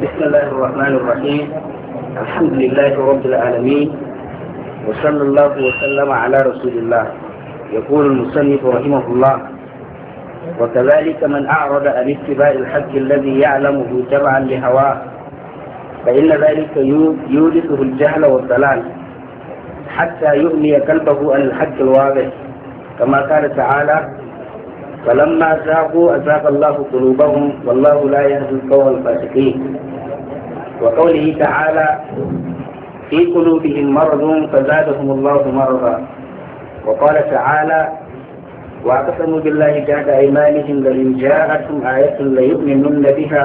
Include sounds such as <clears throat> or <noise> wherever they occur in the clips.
بسم الله الرحمن الرحيم الحمد لله رب العالمين وصلى الله وسلم على رسول الله يقول المصنف رحمه الله وكذلك من أعرض عن اتباع الحق الذي يعلمه تبعا لهواه فإن ذلك يورثه الجهل والضلال حتى يغني قلبه عن الحق الواضح كما قال تعالى فلما زاغوا أزاغ الله قلوبهم والله لا يهدي القوم الفاسقين وقوله تعالى في قلوبهم مرض فزادهم الله مرضا وقال تعالى واعتصموا بالله جهد ايمانهم لئن جاءتهم ايه ليؤمنن بها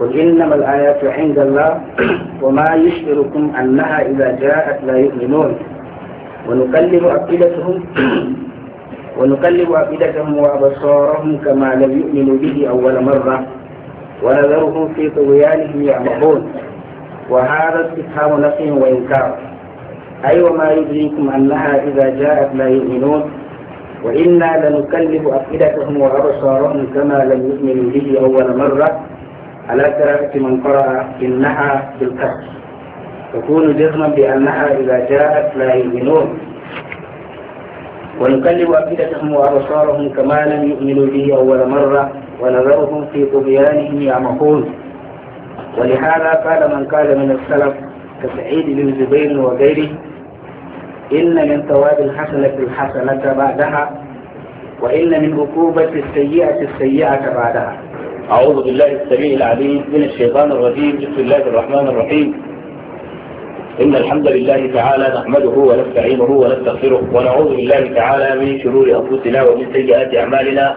قل انما الايات عند الله <clears throat> وما يشعركم انها اذا جاءت لا يؤمنون ونقلب افئدتهم <clears throat> ونقلب افئدتهم وابصارهم كما لم يؤمنوا به اول مره ونذرهم في طغيانهم يعمهون وهذا استفهام نفي وإنكار أي أيوة وما يدريكم أنها إذا جاءت لا يؤمنون وإنا لنكلف أفئدتهم وأبصارهم كما لم يؤمنوا به أول مرة على كراهه من قرأ إنها بالكسر تكون جزما بأنها إذا جاءت لا يؤمنون ونكلف أفئدتهم وأبصارهم كما لم يؤمنوا به أول مرة ونذرهم في طغيانهم يعمقون ولهذا قال من قال من السلف كسعيد بن زبير وغيره إن من ثواب الحسنة الحسنة بعدها وإن من عقوبة السيئة السيئة بعدها أعوذ بالله السميع العليم من الشيطان الرجيم بسم الله الرحمن الرحيم إن الحمد لله تعالى نحمده ونستعينه ونستغفره ونعوذ بالله تعالى من شرور أنفسنا ومن سيئات أعمالنا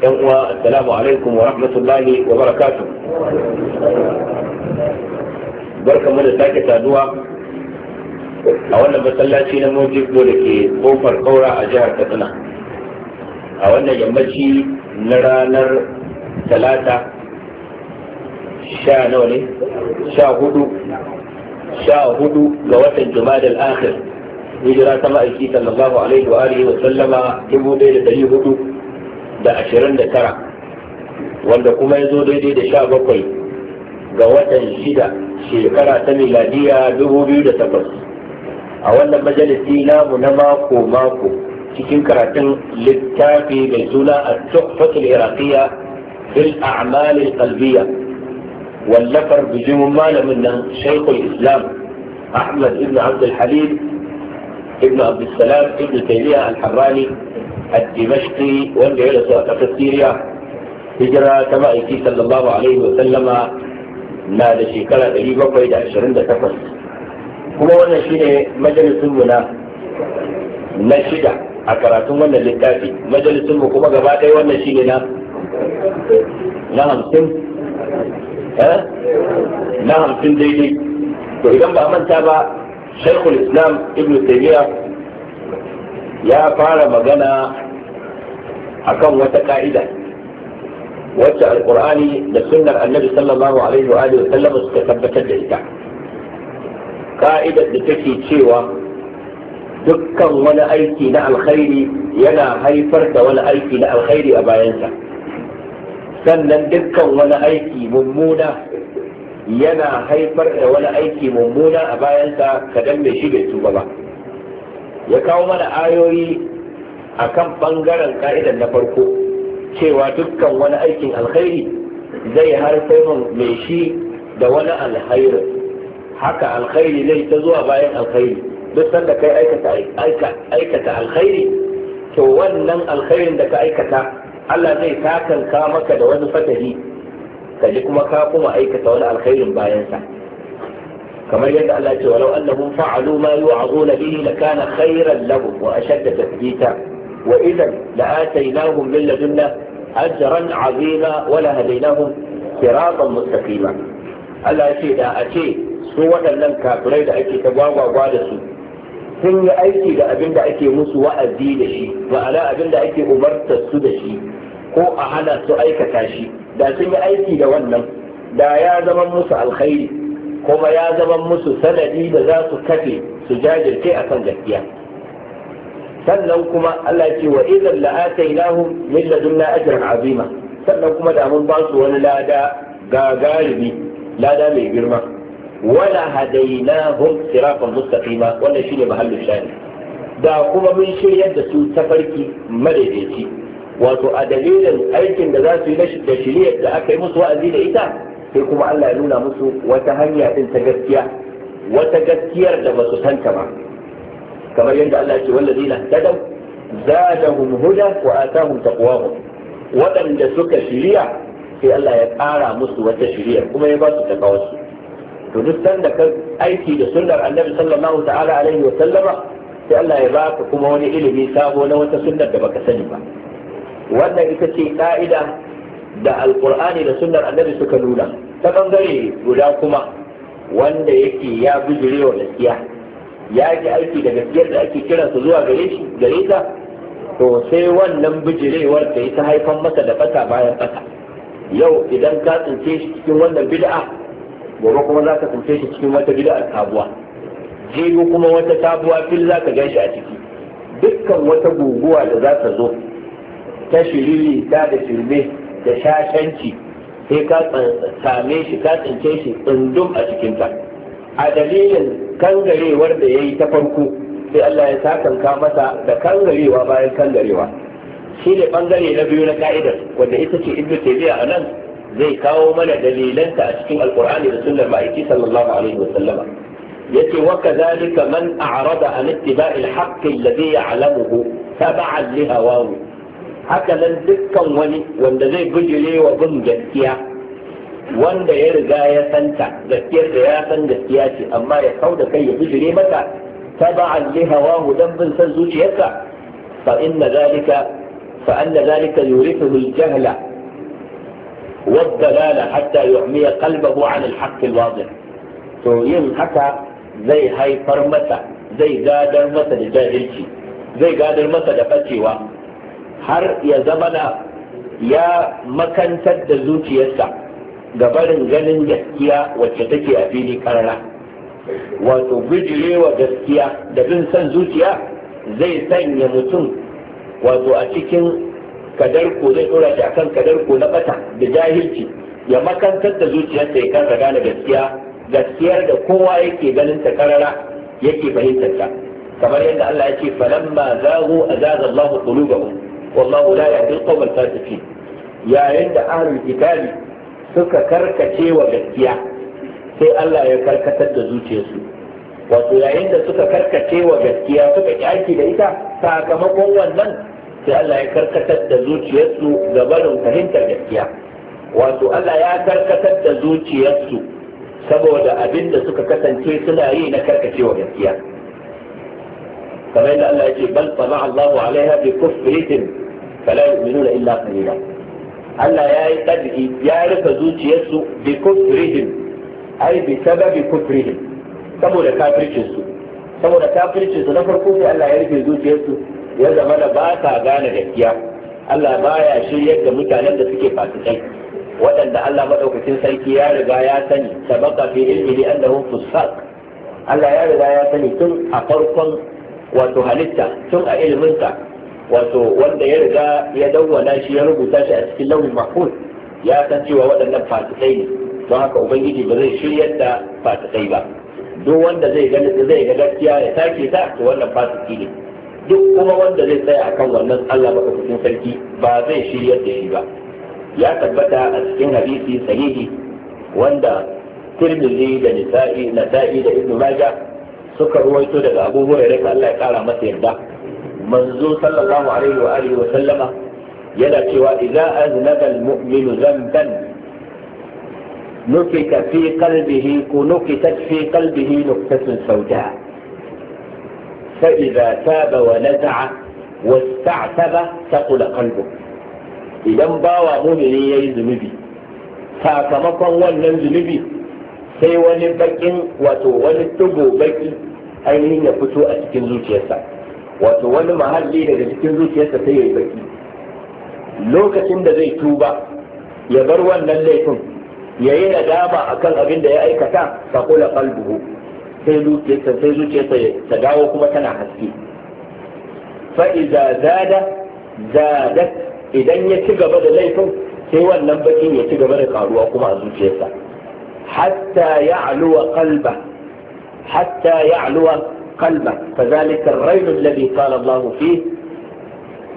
yan uwa assalamu alaikum wa rahmatullahi wa barakatuh barkamu da sake saduwa a wannan masallaci na mojibbo da ke kofar kaura a jihar katsina a wannan yammaci na ranar talata sha nawa ne sha hudu sha hudu ga watan jumadal akhir hijira ta ma'aiki sallallahu alaihi wa alihi wa sallama dubu ɗaya da ɗari hudu da ashirin da tara wanda kuma ya zo daidai da sha bakwai ga watan shida shekara ta miladiya dubu biyu da takwas a wannan majalisi namu na mako mako cikin karatun littafi mai suna a tuhfatul iraqiyya fil a'malil qalbiyya wallafar bijimin malamin nan shaikhul islam ahmad ibn abdul halim ibn abdul salam ibn taymiya al-harrani الدمشقي وانده يلسو أكثر سيريا هجرة كما ايكي صلى الله عليه وسلم na da shekara 728 kuma wannan shine majalisun mu na shida a karatun wannan littafi majalisun kuma gaba ɗaya wannan shine na na hamsin na hamsin to idan ba manta ba shaikhul islam ibn taymiyyah ya fara magana a kan wata ka'ida wacce alkur'ani da sunnar annabi sallallahu alaihi wa alihi sallam suka tabbatar da ita ka'idar da take cewa dukkan wani aiki na alkhairi yana haifar da wani aiki na alkhairi a bayansa sannan dukkan wani aiki mummuna yana haifar da wani aiki mummuna a bayansa kadan mai shi bai tuba ba ya kawo mana ayoyi a kan ɓangaren ka'idan na farko cewa dukkan wani aikin alkhairi zai harfai mai shi da wani alkhairi haka alkhairi zai ta zuwa bayan alkhairi duk sanda kai aikata alkhairi to wannan alkhairin da ka aikata Allah zai takanka maka da wani fatahi ka ji kuma ka kuma aikata wani alkhairin bayansa. kamar yadda Allah ce walau annahum fa'alu ma yu'azuna bihi lakana khairan lahum wa ashadda tathbita wa idan la'ataynahum min ladunna ajran 'azima wa lahadaynahum siratan mustaqima Allah ya ce da a ce su waɗannan kafirai da ake ta gwagwagwa da su sun yi aiki da abin da ake musu wa'azi da shi ma'ana abin da ake umartar su da shi ko a hana su aikata shi da sun yi aiki da wannan da ya zama musu alkhairi kuma ya zama musu sanadi da za su kafe su jajirce akan gaskiya sannan kuma Allah ce wa idan la'atainahum min ladunna ajran azima sannan kuma da mun ba su wani lada gagarumi lada mai girma wala hadainahum siratan mustaqima wannan shine da kuma mun shiryar da su farki madaidaici wato a dalilin aikin da za su yi da shiriyar da aka yi musu wa'azi da ita sai kuma Allah ya nuna musu wata hanya din ta gaskiya wata gaskiyar da ba su santa ba kamar yadda Allah ya ce wallazina tadaw zadahum huda wa atahum taqwahum waɗanda suka shiriya sai Allah ya ƙara musu wata shiriya kuma ya ba su takawarsu to duk sanda ka aiki da sunnar annabi sallallahu ta'ala alaihi wa sallama sai Allah ya ba ka kuma wani ilimi sabo na wata sunnar da baka sani ba wannan ita ce ka'ida da alkur'ani da sunnar annabi suka nuna ta bangare guda kuma wanda yake ya bijire wa gaskiya ya ji aiki da gaskiyar da ake kiransa zuwa gare shi gare ta to sai wannan bijirewar da ita haifan masa da fata bayan fata yau idan ka tsince shi cikin wannan bid'a gobe kuma za ka tsince shi cikin wata bid'a sabuwa Jiru kuma wata sabuwa fil za ka gashi a ciki dukkan wata guguwa da za ta zo ta shiriri ta da shirme da shashanci sai ka same shi ka tsince shi tsundum a cikinta a dalilin kangarewar da ya yi ta farko sai Allah ya sakanka masa da kangarewa bayan kangarewa shi ne bangare na biyu na ka'idar wanda ita ce ibnu taymiya a nan zai kawo mana dalilanta a cikin alqur'ani da sunnar ma'aiki sallallahu alaihi wa sallama yace wa kadhalika man a'rada an ittiba'il haqqi alladhi ya'lamuhu tab'an li hawahu haka nan dukkan wani wanda zai bijire wa bin gaskiya wanda ya riga ya santa gaskiyar da ya san gaskiya ce amma ya kau da kai ya bujire mata taba'an li hawahu dan bin san zuciyarsa fa inna zalika fa anna zalika yurithu al-jahla wa ad hatta yu'miya qalbahu 'an al-haqq al-wadih to yin haka zai haifar mata zai gadar masa da jahilci zai gadar masa da bacewa har ya zamana ya makantar da zuciyarsa ga barin ganin gaskiya wacce take a fili karara wato gujirewa gaskiya da bin son zuciya zai sanya mutum wato a cikin kadarko zai tura shi akan kadarko na bata da jahilci ya makantar da zuciyarsa ya kan na gaskiya gaskiyar da kowa yake ganin ta karara yake fahimtar ta kamar yadda Allah ya ce falamma zagu azaza Allahu qulubahum wallahu la yahdi al-qawm al-fasiqin yayin da ahlul kitabi suka karkace wa gaskiya sai Allah ya karkatar da zuciyarsu wato yayin da suka karkace wa gaskiya suka kyaki da ita sakamakon wannan sai Allah ya karkatar da zuciyarsu ga da fahimtar gaskiya wato Allah ya karkatar da zuciyarsu saboda abin da suka kasance suna yi na karkace wa gaskiya kamar yadda Allah yake bal sama Allahu alaiha bi kufrihim fala yu'minuna illa qalila Allah ya yi kadri ya rufe zuciyarsu bi kufrihim ai bi sababi kufrihim saboda kafircin su saboda kafircin su na farko sai Allah ya rufe zuciyarsu ya zama da ba ta gane gaskiya Allah baya shiryar da mutanen da suke fasikai waɗanda Allah maɗaukacin sarki ya riga ya sani sabaka fi ilmihi annahum fusaq Allah ya riga ya sani tun a farkon wato halitta tun a iliminsa wato wanda ya riga ya dawwana shi ya rubuta shi a cikin lauhin mahfuz ya san cewa waɗannan fasikai ne don haka ubangiji ba zai shiryar da fasikai ba duk wanda zai ga zai ga gaskiya ya take ta to wannan fasiki ne duk kuma wanda zai tsaya akan wannan Allah ba cikin sarki ba zai shiryar da shi ba ya tabbata a cikin hadisi sahihi wanda Tirmidhi da Nisa'i da ibnu Majah suka ruwaito daga Abu Hurairah da Allah ya kara masa yarda manzo sallallahu alaihi wa alihi wa sallama yana cewa idza aznaba almu'minu zamban nukita fi qalbihi kunukita fi qalbihi nuktatun sawda fa idza taba wa naza'a wasta'taba taqula qalbu idan bawa mu'mini yayi zunubi sakamakon wannan zunubi sai wani bakin wato wani tugo baki ainihin ya fito a cikin zuciyarsa wato wani mahalli daga cikin zuciyarsa sai yi baki lokacin da zai tuba ya bar wannan laifin ya yi nadama kan abin da ya aikata ta kula kalbuhu sai zuciyarsa sai zuciyarsa ta dawo kuma tana haske fa zada zada idan ya ci gaba da laifin sai wannan bakin ya ci gaba da karuwa kuma a zuciyarsa hatta ya aluwa kalba. حتى يعلو قلبه فذلك الريل الذي قال الله فيه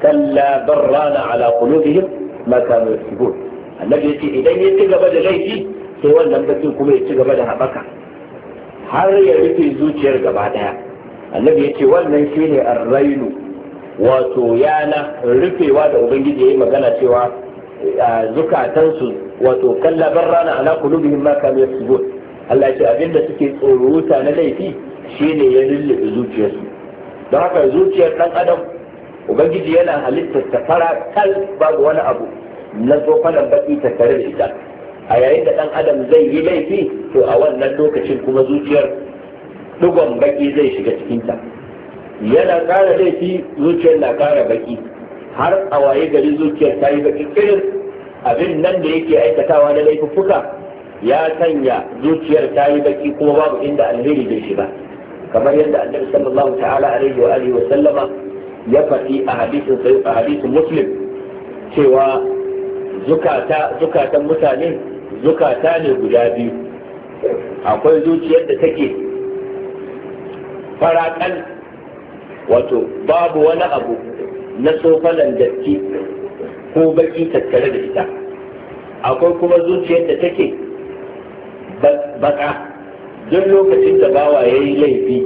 كلا بران على قلوبهم ما كانوا يكسبون النبي ياتي اليه يتي قبل جيتي سوى لم تكن تكنكم يتي قبلها بكا هل يتي زوجير بعدها النبي ياتي ولن شيني الريل وتويانا رفي واد أبنجي إما قنا سوى آه، زكاة تنسو وتو كلا بران على قلوبهم ما كانوا يكسبون Allah ya ce da suke tsoro na laifi shine ya lullube zuciyarsu don haka zuciyar dan adam ubangiji yana halittar ta fara kal babu wani abu na tsofanan baki ta tare da ita a yayin da dan adam zai yi laifi to a wannan lokacin kuma zuciyar dugon baki zai shiga cikin ta yana kara laifi zuciyar na kara baki har a waye gari zuciyar ta yi baki kirin abin nan da yake aikatawa na laifuffuka ya sanya zuciyar ta yi baki kuma babu inda alheri bai shiga kamar yadda annabi sallallahu ta'ala alaihi wa alihi wa sallama ya faɗi a hadisin sai a hadisin muslim cewa zukata zukatan mutane zukata ne guda biyu akwai zuciyar da take farakan wato babu wani abu na tsofanan datti ko baki tattare da ita akwai kuma zuciyar da take baka duk lokacin da bawa ya yi laifi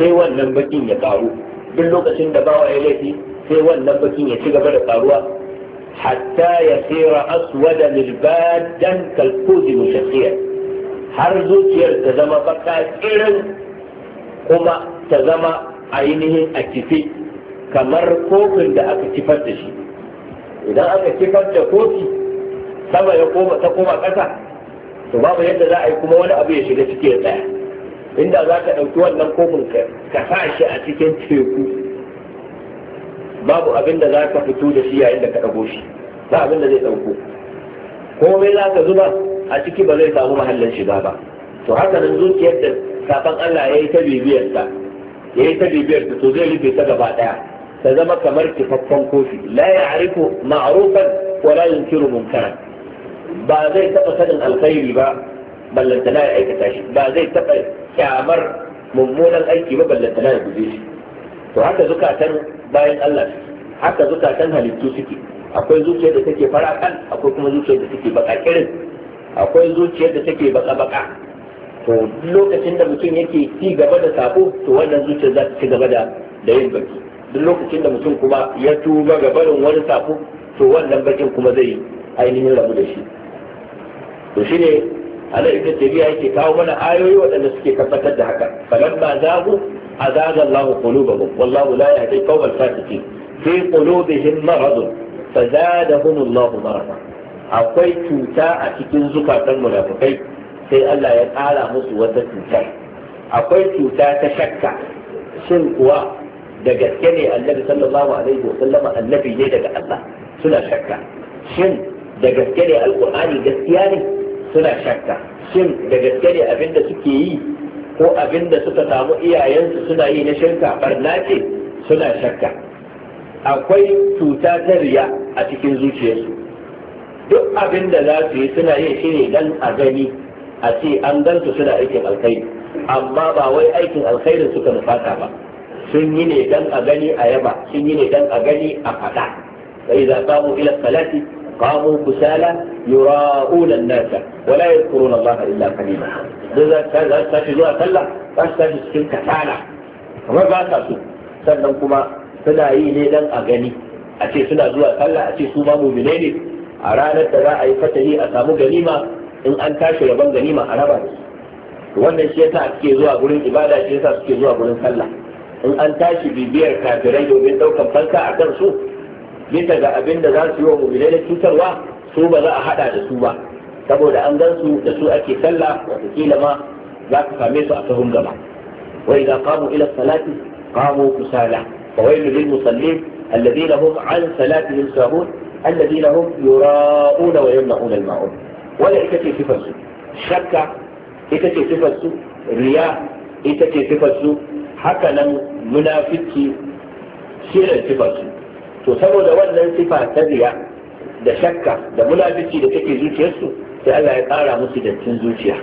sai wannan bakin ya karu duk lokacin da bawa ya yi laifi sai wannan bakin ya ci gaba da karuwa hatta ya sera aswada lilbadan kalkuzi mushakhiya har zuciyar ta zama baka irin kuma ta zama ainihin a kife kamar kofin da aka kifar da shi idan aka kifar da kofi sama ya koma ta koma ƙasa to babu yadda za a yi kuma wani abu ya shiga ciki ya tsaya inda za ka ɗauki wannan komin ka ka sa shi a cikin teku babu abin da za ka fito da shi yayin da ka ɗago shi ba abin da zai ɗauko komai za ka zuba a ciki ba zai samu mahallin shiga ba to haka nan zuciyar da kafan Allah ya yi ta bibiyarsa ya yi ta bibiyarsa to zai rufe ta gaba ɗaya ta zama kamar kifaffen kofi la ya arifu ma'arufan wala yunkiru munkaran ba zai taɓa sanin alkhairi ba ballantana ya aikata shi ba zai taɓa kyamar mummunan aiki ba ballantana ya guje shi to haka zukatan bayan Allah haka zukatan halittu suke akwai zuciyar da take fara kan akwai kuma zuciyar da take baka kirin akwai zuciyar da take baka baka to lokacin da mutum yake ci gaba da sako to wannan zuciyar za ta ci gaba da da yin baki duk lokacin da mutum kuma ya tuba gabarin barin wani sako to wannan bakin kuma zai ainihin rabu da shi to ne ala ibn tabi'a yake kawo mana ayoyi waɗanda suke tabbatar da haka za ku azaga Allahu qulubahum wallahu la yahdi qawmal fasiqin fi qulubihim marad fazadahum Allahu marada akwai cuta a cikin zukatan munafikai sai Allah ya ƙara musu wata cuta akwai cuta ta shakka shin kuwa da gaske ne annabi sallallahu alaihi wa sallama annabi ne daga Allah suna shakka shin da gaske ne alqur'ani gaskiya ne suna shakka shin da gaske ne abin da suke yi ko abin da suka samu iyayensu suna yi na shirka barna ce suna shakka akwai cuta ta riya a cikin zuciyarsu duk abin da za su yi suna yin shi ne dan a gani a ce an gansu suna aikin alkhairi amma ba wai aikin alkhairin suka nufata ba sun yi ne dan a gani a yaba sun yi ne dan a gani a faɗa fa idza qamu ila salati قاموا كسالى يراؤون الناس ولا يذكرون الله الا قليلا za su tashi zuwa sallah za su tashi cikin kasala kamar ba sa so sannan kuma suna yi ne dan a gani a ce suna zuwa sallah a ce su ma mumine a ranar da za a yi fatali a samu ganima in an tashi rabon ganima a raba da wannan shi yasa suke zuwa gurin ibada shi yasa suke zuwa gurin sallah in an tashi bibiyar kafirai domin daukan fanka a kan su bisa ga abin da za su yi wa mu'minai na cutarwa su ba za a hada da su ba saboda an gan su da su ake sallah wataƙila ma za ka same su a sahun gaba wa idza qamu ila salati qamu kusala fa wailu lil musallin alladhina hum an salatihim sahun alladhina hum yura'una wa yamna'una al-ma'un wala ita ce sifar su shakka ita ce sifar su riya ita ce sifar su haka nan munafici shirin sifar su to saboda wannan sifa ta riya da shakka da munafici da take zuciyarsu sai Allah ya ƙara musu dattin zuciya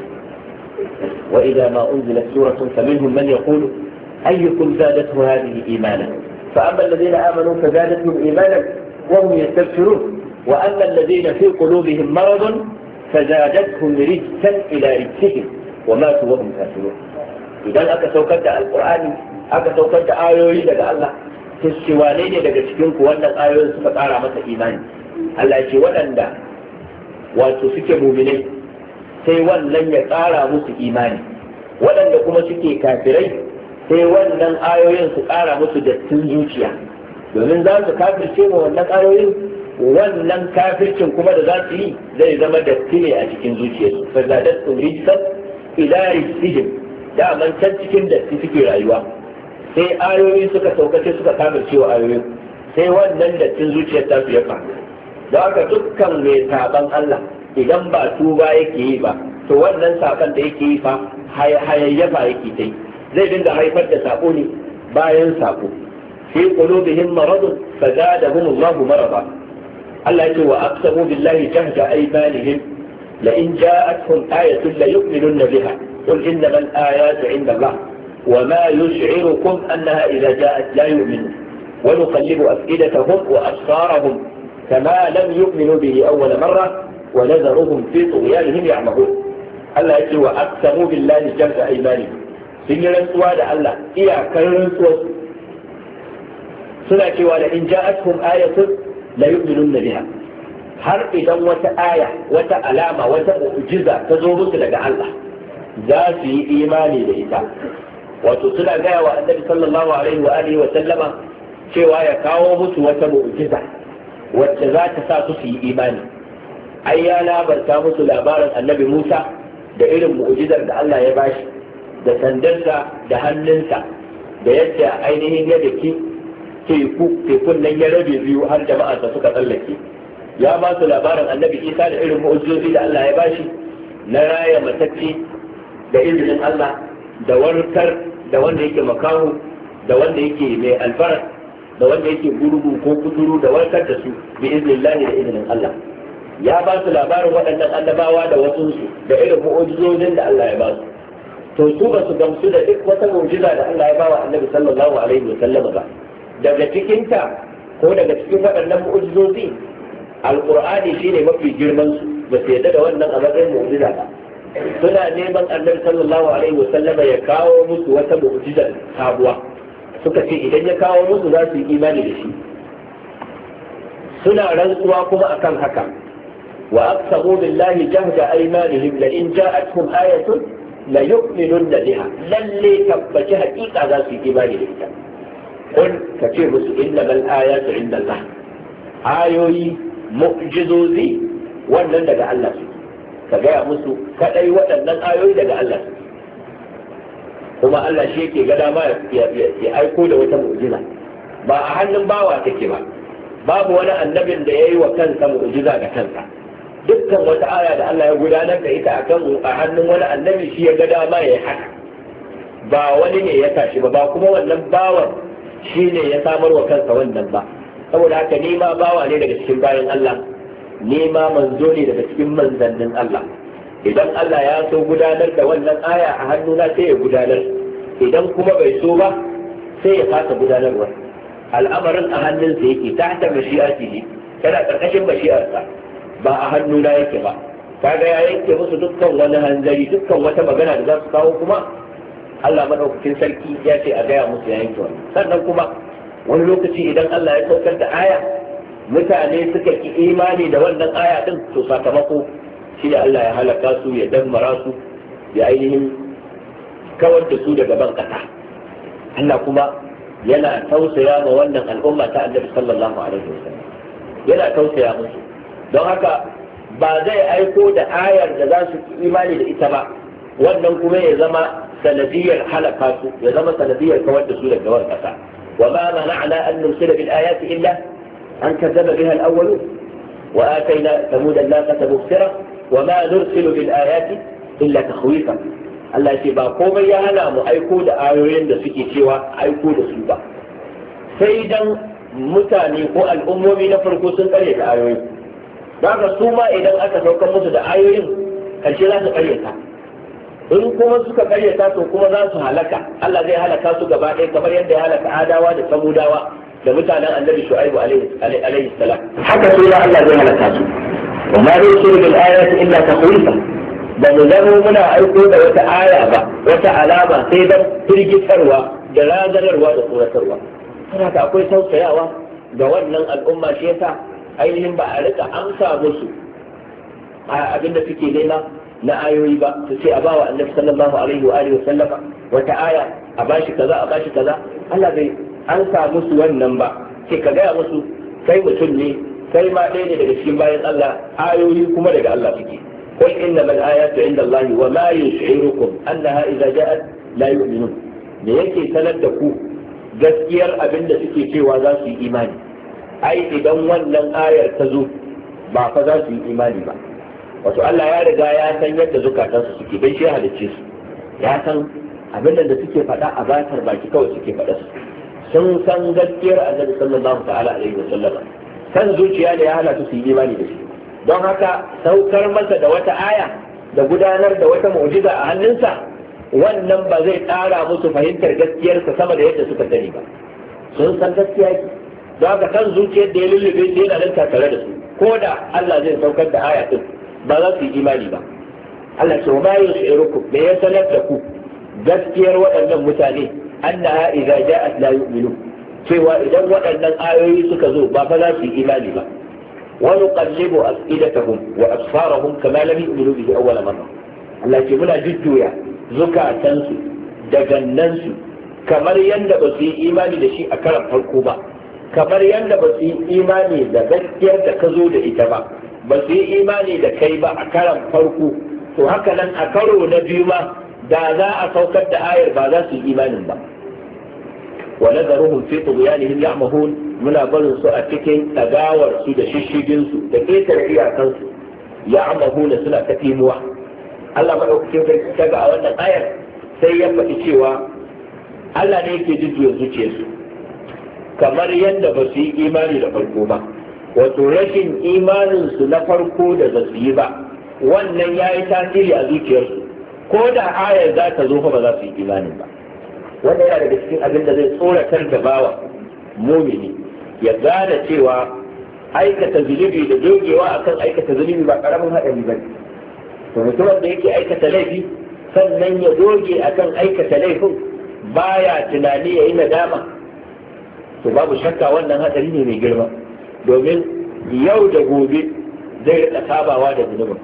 wa idza ma unzilat suratun faminhum man yaqulu ayyukum zadatuhu hadhihi imanan fa amma alladhina amanu fa fazadatuhum imanan wa hum yastabshirun wa amma alladhina fi qulubihim maradun فزادتهم رجسا الى رجسهم وماتوا وهم كافرون idan aka saukar da alkur'ani aka saukar da ayoyi daga Allah ta wane ne daga cikin ku wannan ayoyin suka ƙara masa imani Allah ce waɗanda wato suke mumine sai wannan ya ƙara musu imani waɗanda kuma suke kafirai sai wannan ayoyin su ƙara musu dattin zuciya domin za su kafirce ma wannan ayoyin wannan kafircin kuma da za su yi zai zama datti ne a cikin zuciyarsu fa zadat rijsat ila rijsihim da man can cikin datti suke rayuwa sai ayoyi suka saukace suka kama cewa ayoyin sai wannan da cin zuciyar ta ya faru da haka dukkan mai saban Allah idan ba tuba yake yi ba to wannan saban da yake yi fa hayayyafa yake ta yi zai dinga haifar da sako ne bayan sako fi qulubihim maradun fazadahum Allahu marada Allah yake wa aqsamu billahi jahda aymanihim la in ja'atuhum ayatun la yu'minunna biha qul innamal ayatu 'inda Allah وما يشعركم أنها إذا جاءت لا يؤمنون ونقلب أفئدتهم وأبصارهم كما لم يؤمنوا به أول مرة ونذرهم في طغيانهم يعمهون ألا يجلوا واقسموا بالله جمع أيمانهم سنرن سوال هي إيا كرن سوال سنعك وإن جاءتهم آية لا يؤمنون بها هر إذا وت آية وت ألامة وت أجزة تزورت لك الله ذات إيماني لإتاب wato suna gaya wa annabi sallallahu alaihi wa alihi wa sallama cewa ya kawo musu wata mu'jiza wacce za ta sa su su yi imani ai ya labarta musu labarin annabi Musa da irin mu'jizar da Allah ya bashi da sandarsa da hannunsa da yadda ainihin ya daki teku tekun nan ya rabe biyu har da suka tsallake ya ba su labarin annabi Isa da irin mu'jizozi da Allah ya bashi na raya matacce da izinin Allah da warkar da wanda yake makaho da wanda yake mai albarat da wanda yake gurgu ko kuturu da warkar da su bi iznillahi da iznin Allah ya ba su labarin waɗannan annabawa da wasu da irin mu'ujizojin da Allah ya ba su to su ba su gamsu da duk wata mu'jiza da Allah ya ba wa Annabi sallallahu alaihi wa sallam ba daga cikin ta ko daga cikin waɗannan mu'ujizozi alqur'ani shine mafi girman su ba su yadda da wannan a matsayin mu'ujiza ba suna neman annabi sallallahu alaihi wasallama ya kawo musu wata mu'jiza sabuwa suka ce idan ya kawo musu za su yi imani da shi suna rantsuwa kuma akan haka wa aqsamu billahi jahda aymanihim la in ja'atkum ayatun la yu'minunna biha lalle tabbaci haƙiƙa za su yi imani da ita kun ka ce musu innamal ayatu indallah ayoyi mu'jizozi wannan daga Allah su ka gaya musu kadai waɗannan ayoyi daga Allah kuma Allah shi yake ga dama ya aiko da wata mu'jiza ba a hannun bawa take ba babu wani annabin da ya yi wa kansa mu'jiza ga kansa dukkan wata aya da Allah ya gudanar da ita akan a hannun wani annabi shi ya ga dama ya yi haka ba wani ne ya tashi ba ba kuma wannan bawan shi ne ya samar wa kansa wannan ba saboda haka ni ma bawa ne daga cikin bayan Allah Ni ma manzo ne daga cikin manzannin Allah idan Allah ya so gudanar da wannan aya a hannuna sai ya gudanar idan kuma bai so ba sai ya fasa gudanarwa al'amarin a hannunsa yake ta hata mashi'atihi yana ƙarƙashin mashi'arsa ba a hannuna yake ba kaga ya yanke musu dukkan wani hanzari dukkan wata magana da za su kawo kuma Allah madaukakin sarki ya ce a gaya musu ya yanke wani sannan kuma wani lokaci idan Allah ya saukar da aya mutane suka ki imani da wannan aya din to sakamako shi da Allah ya halaka su ya dammara su ya ainihin kawar da su daga ban kasa Allah kuma yana tausaya ma wannan al'umma ta Annabi sallallahu alaihi wasallam yana tausaya musu don haka ba zai aiko da ayar da za su imani da ita ba wannan kuma ya zama sanadiyar halaka su ya zama sanadiyar kawar da su daga ban kasa wa ma mana'ana an nursila bil ayati illa أن كذب بها الأولون وآتينا ثمود الناقة مبصرة وما نرسل بالآيات إلا تخويفا Allah ya ce ba komai ya hana mu aiko da ayoyin da suke cewa aiko da su ba sai dan mutane ko al'ummomi na farko sun kare da ayoyin ba su ma idan aka sauka musu da ayoyin karshe za su karyata in kuma suka karyata to kuma za su halaka Allah zai halaka su gabaɗaya kamar yadda ya halaka adawa da samudawa da mutanen annabi shu'aibu alaihi salam haka sai ya Allah zai halaka su wa ma yursilu bil ayati illa tahwifa ba mu zama muna aiko da wata aya ba wata alama sai dan firgitarwa da razanarwa da tsoratarwa saboda akwai tausayawa ga wannan al'umma shi yasa ainihin ba a rika amsa musu abin da suke nema na ayoyi ba su ce a bawa annabi sallallahu alaihi wa alihi wa sallama wata aya a bashi kaza a bashi kaza Allah bai an samu su wannan ba sai ka gaya musu kai mutum ne kai ma ɗaya ne daga cikin bayan Allah ayoyi kuma daga Allah suke قل إنما inda Allah الله وما يشعركم أنها إذا جاءت لا يؤمنون me yake sanar da ku gaskiyar abin da suke cewa za su yi imani ai idan wannan ayar ta zo ba fa za su yi imani ba wato Allah ya riga ya san yadda zukatansu suke bai shi halicce su ya san abin da suke faɗa a batar baki kawai suke faɗa su sun san gaskiyar annabi sallallahu ta'ala alaihi wasallam san zuciya da ya halatu su yi imani da shi don haka saukar masa da wata aya da gudanar da wata mu'jiza a hannunsa wannan ba zai tsara musu fahimtar gaskiyarsa sama da yadda suka sani ba sun san gaskiya ki don haka kan zuciyar da ya lullube shi yana nan tare da su ko da Allah zai saukar da aya din ba za su yi imani ba Allah ce wa ma yushirukum me ya sanar da ku gaskiyar waɗannan mutane annaha idza ja'at la yu'minu cewa idan waɗannan ayoyi suka zo ba fa za su yi imani ba wa nuqallibu afidatahum wa asfarahum kama lam yu'minu bihi awwala marra Allah ce muna jujjuya zukatansu da gannansu kamar yadda ba su yi imani da shi a karan farko ba kamar yadda ba su yi imani da gaskiyar da ka zo da ita ba ba su yi imani da kai ba a karan farko to haka nan a karo na biyu ma da za a saukar da ayar ba za su yi imanin ba wa nazaruhum fi tughyanihim ya'mahun muna barin su a cikin tagawar su da shishigin su da ƙetare iyakan su ya'mahun suna tafimuwa Allah madaukakin sarki kaga a wannan ayar sai ya faɗi cewa Allah ne yake jujjuya su. kamar yadda ba su yi imani da farko ba wato rashin imaninsu na farko da ba su yi ba wannan ya yi tasiri a zuciyarsu ko da ayar za ta zo fa ba za su yi imani ba wanda yana daga cikin abin da zai tsoratar da bawa mumini ya gane cewa aikata zunubi da dogewa akan aikata zunubi ba karamin haɗari ba ne to mutumin da yake aikata laifi sannan ya doge akan aikata laifin baya tunani ya yi nadama to babu shakka wannan haɗari ne mai girma domin yau da gobe zai riƙa sabawa da zunubin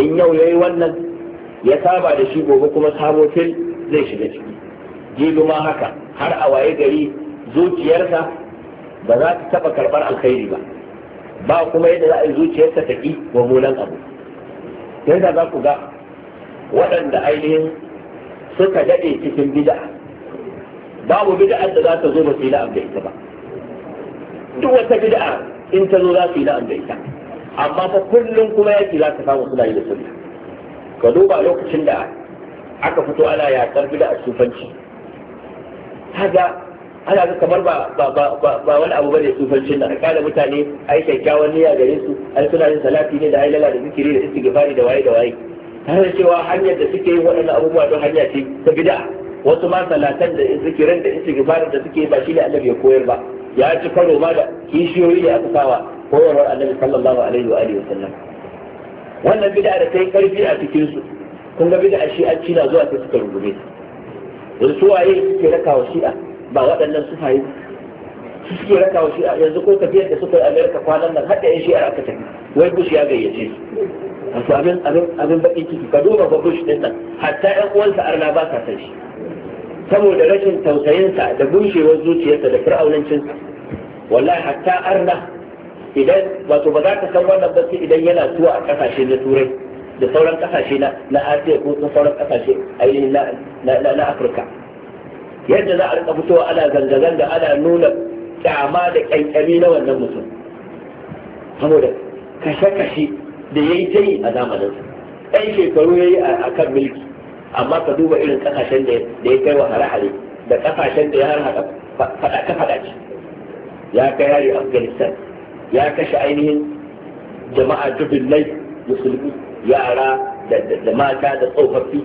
in yau ya yi wannan ya saba da shi gobe kuma samo fil zai shiga ciki jibi ma haka har a waye gari zuciyarsa ba za ta taba karbar alkhairi ba ba kuma yadda za a yi zuciyarsa ta ki wa munan abu yadda za ku ga waɗanda ainihin suka daɗe cikin bid'a babu bid'ar da za ta zo ba su yi la'am da ita ba duk wata bid'a in ta zo za su yi la'am da ita amma fa kullum kuma yaki za ta samu suna yi da sunna ka duba lokacin da aka fito ana yaƙar bida a sufanci haka ana ga kamar ba wani abu bane sufancin nan kada mutane ai kyakkyawan niyya gare su ai suna yin salati ne da ailala da zikiri da istighfari da waye da waye har da cewa hanyar da suke yin waɗannan abubuwa don hanya ce ta bid'a wasu ma salatan da zikirin da istighfari da suke ba shi ne Allah ya koyar ba ya ci karo ma da kishiyoyi da aka sawa koyarwar annabi sallallahu alaihi wa alihi wa sallam wannan bid'a da ta yi karfi a cikin su kun ga bid'a shi shi'anci cina zuwa sai suka rungume yanzu su waye suke raka wa shi'a ba waɗannan su fayi su suke raka wa shi'a yanzu ko tafiyar da suka yi amerika kwanan nan haɗa yan shi'ar aka tafi wai bush ya gayyace su wasu abin abin abin baƙin ciki ka duba ba bush ɗin nan hatta 'yan uwansa arna ba sa san shi saboda rashin tausayinsa da bushewar zuciyarsa da fir'aunancinsa wallahi hatta arna idan wato ba za ka san wannan ba sai idan yana zuwa a kasashe na turai da sauran kasashe na na asiya ko sauran kasashe ainihin na na afirka yadda za a rika fitowa ana zanga-zanga ana nuna kyama da kyankyami na wannan mutum saboda kashe-kashe da ya yi ta yi a zamanin ɗan shekaru ya yi a kan milki amma ka duba irin kasashen da ya kai wa hare-hare da kasashen da ya harhaɗa faɗa faɗace ya kai hari afghanistan ya kashe ainihin jama'a dubin laif musulmi yara da mata da tsofaffi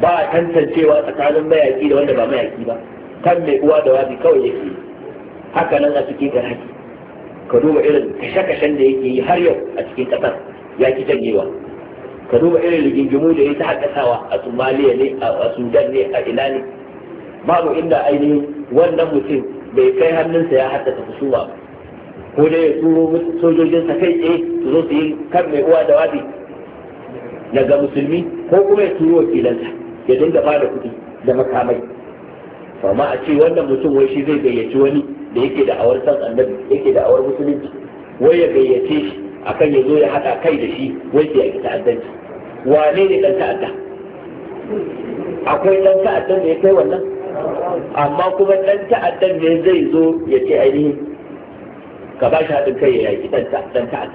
ba a tantancewa tsakanin mayaki da wanda ba mayaki ba kan mai uwa da wabi kawai yake haka nan a cikin garaki ka duba irin kashe-kashen da yake yi har yau a cikin kasar ya ki janyewa ka duba irin rigingimu da ya ta hakasawa a somaliya ne a sudan ne a ina ne babu inda ainihin wannan mutum bai kai hannunsa ya haddasa husuma ba ko dai ya turo sojojinsa kai tsaye su zo su yi kan mai uwa da wabi daga musulmi ko kuma ya turo wakilansa ya dinga ba da kuɗi da makamai amma a ce wannan mutum wai shi zai gayyaci wani da yake da awar san annabi yake da awar musulunci wai ya gayyace shi akan ya zo ya haɗa kai da shi wai ya yi ta'addanci wane ne ɗan ta'adda akwai ɗan ta'addan da ya kai wannan amma kuma ɗan ta'addan ne zai zo ya ce ainihin ka ba shi haɗin kai ya yaƙi ɗan ta'adda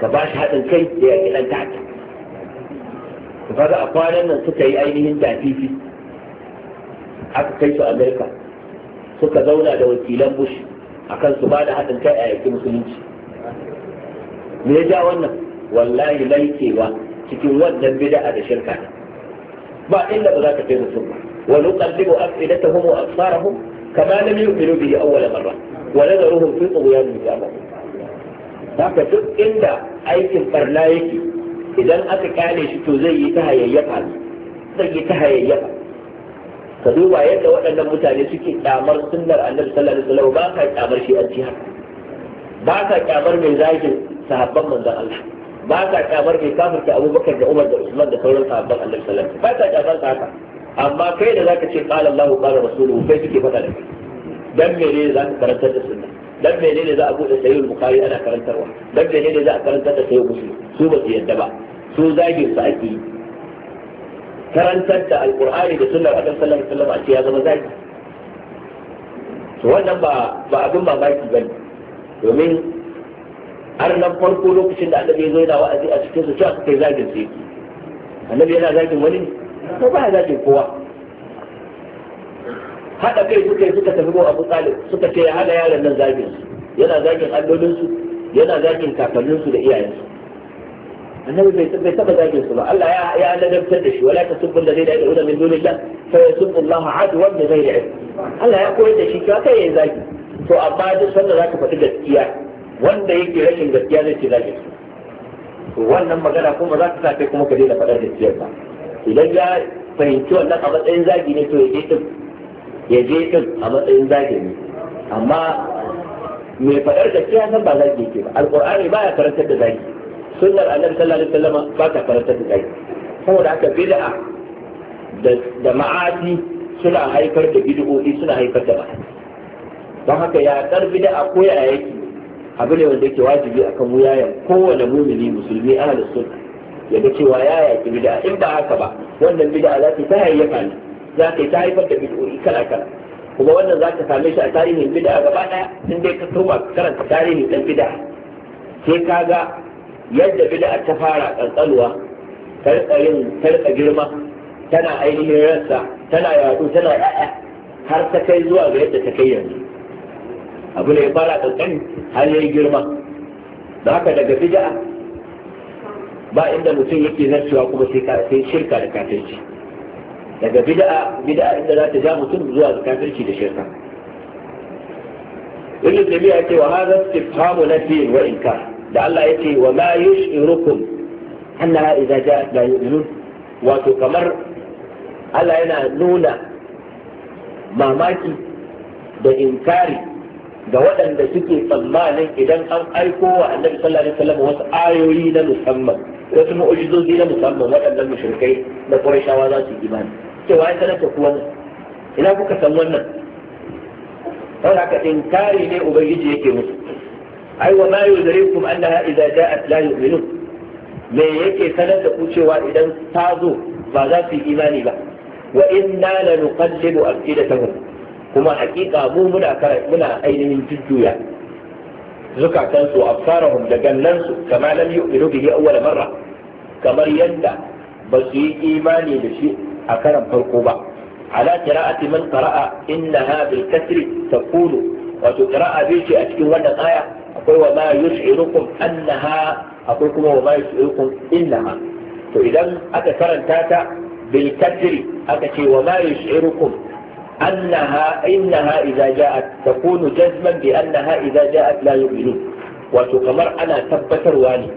ka ba shi haɗin kai ya yaƙi ɗan ta'adda ka kaga a kwanan nan suka yi ainihin dafifi aka kai su amerika suka zauna da wakilan bush akan su ba da haɗin kai a yaƙi musulunci me ya ja wannan wallahi laikewa cikin wannan bida'a da shirka ba inda ba za ka kai musulma wa nuqallibu afidatahum wa absarahum kama lam yu'minu bihi awwala marra wa nazaruhum fi tughyanihim ya'mahun haka duk inda aikin barna yake idan aka kyale shi to zai yi ta hayayyafa zai yi ta hayayyafa ka duba yadda waɗannan mutane suke kyamar sunnar annabi sallallahu alaihi wasallam ba ka kyamar shi an jihar ba ka kyamar mai zagin sahabban manzon Allah ba ka kyamar mai kafirta Abubakar da Umar da Usman da sauran sahabban annabi sallallahu alaihi wasallam ba ka kyamar haka amma kai da zaka ce qala Allahu qala rasuluhu kai suke faɗa da kai dan ne za ka karantar da sunna dan ne za a bude sayyid bukhari ana karantarwa dan ne za a karantar da sayyid muslim su ba su yadda ba su zagin su ake karantar da alqur'ani da sunnar annabi sallallahu alaihi wasallam a ce ya zama zagi to wannan ba ba abin mamaki bane domin har nan farko lokacin da annabi ya zo yana wa'azi a cikin su cewa kai zagin su yake annabi yana zagin wani ne ko ba zagin kowa haɗa kai suka yi suka tafi ko abu talib suka ce ya hana yaran nan zagin su yana zagin allolinsu yana zagin kakanninsu da iyayensu annabi bai taba zagin su ba Allah ya ya ladabtar da shi wala da zai la ilaha min dunillah fa yasubbu Allah adwan bi ghairi ilm Allah ya koyar da shi ka kai ya zagi to amma duk sanda zaka faɗi gaskiya wanda yake rashin gaskiya zai ce zagin su to wannan magana kuma za ta sa kai kuma ka daina faɗar gaskiyar ba idan ya fahimci wannan a matsayin zagi ne to ya je ya je din a matsayin ne amma mai faɗar da gaskiya san ba zaki yake ba ba ya karantar da zage sunnar annabi sallallahu alaihi wasallam ba ta karantar da zaki saboda haka bid'a da ma'asi suna haifar da bid'o'i suna haifar da ma'asi don haka ya kar bid'a ko ya yake abu ne wanda yake wajibi akan wuyayen kowane mumini musulmi ahlus sunna ya ga cewa ya yaki bid'a in ba haka ba wannan bid'a za ta hayyafa ne za ka yi ta haifar da bid'o'i kala kala kuma wannan za ka same shi a tarihin bid'a gaba ɗaya, in dai ka koma karanta tarihin ɗan bid'a sai ka ga yadda bid'a ta fara kankanuwa tarka yin riƙa girma tana ainihin rassa tana yadu tana ya'ya har ta kai zuwa ga yadda ta kai yanzu abu ne ya fara ƙanƙani har ya yi girma da haka daga bid'a ba inda mutum yake zarcewa kuma sai shirka da kafirci daga bid'a bid'a inda za ta ja mutum zuwa kafirci da shirka ibn tabi'a yace wa hadha istifhamu nafi wa inkar da Allah yace wa ma yushirukum annaha idza ja'at la yu'minun wato kamar Allah yana nuna mamaki da inkari ga waɗanda suke tsammanin idan an aiko wa annabi sallallahu alaihi wasallam wasu ayoyi na musamman wasu mu'ujizozi na musamman waɗannan mushrikai da Qurayshawa za su imani cewa ya sanar da ku wannan ina kuka san wannan kawai haka inkari ne ubangiji yake musu ai wa ma yuzarikum annaha idza ja'at la yu'minu me yake sanar da ku cewa idan ta zo ba za su yi imani ba wa inna la nuqallibu afidatahum kuma hakika mu muna muna ainihin jujjuya zukatansu afsarahum da gannansu kama lam yu'minu bihi awwal marra kamar yadda ba su yi imani da shi a karan farko ba ala qira'ati man qara'a innaha bil kasri takunu wato qira'a bi ce a cikin wannan aya akwai wa ma yus'irukum annaha akwai kuma wa ma yus'irukum innaha to idan aka karanta ta bil kasri aka ce wa ma yus'irukum أنها إنها إذا جاءت تكون جزما بأنها إذا جاءت لا يؤمنون wato kamar ana tabbatarwa ne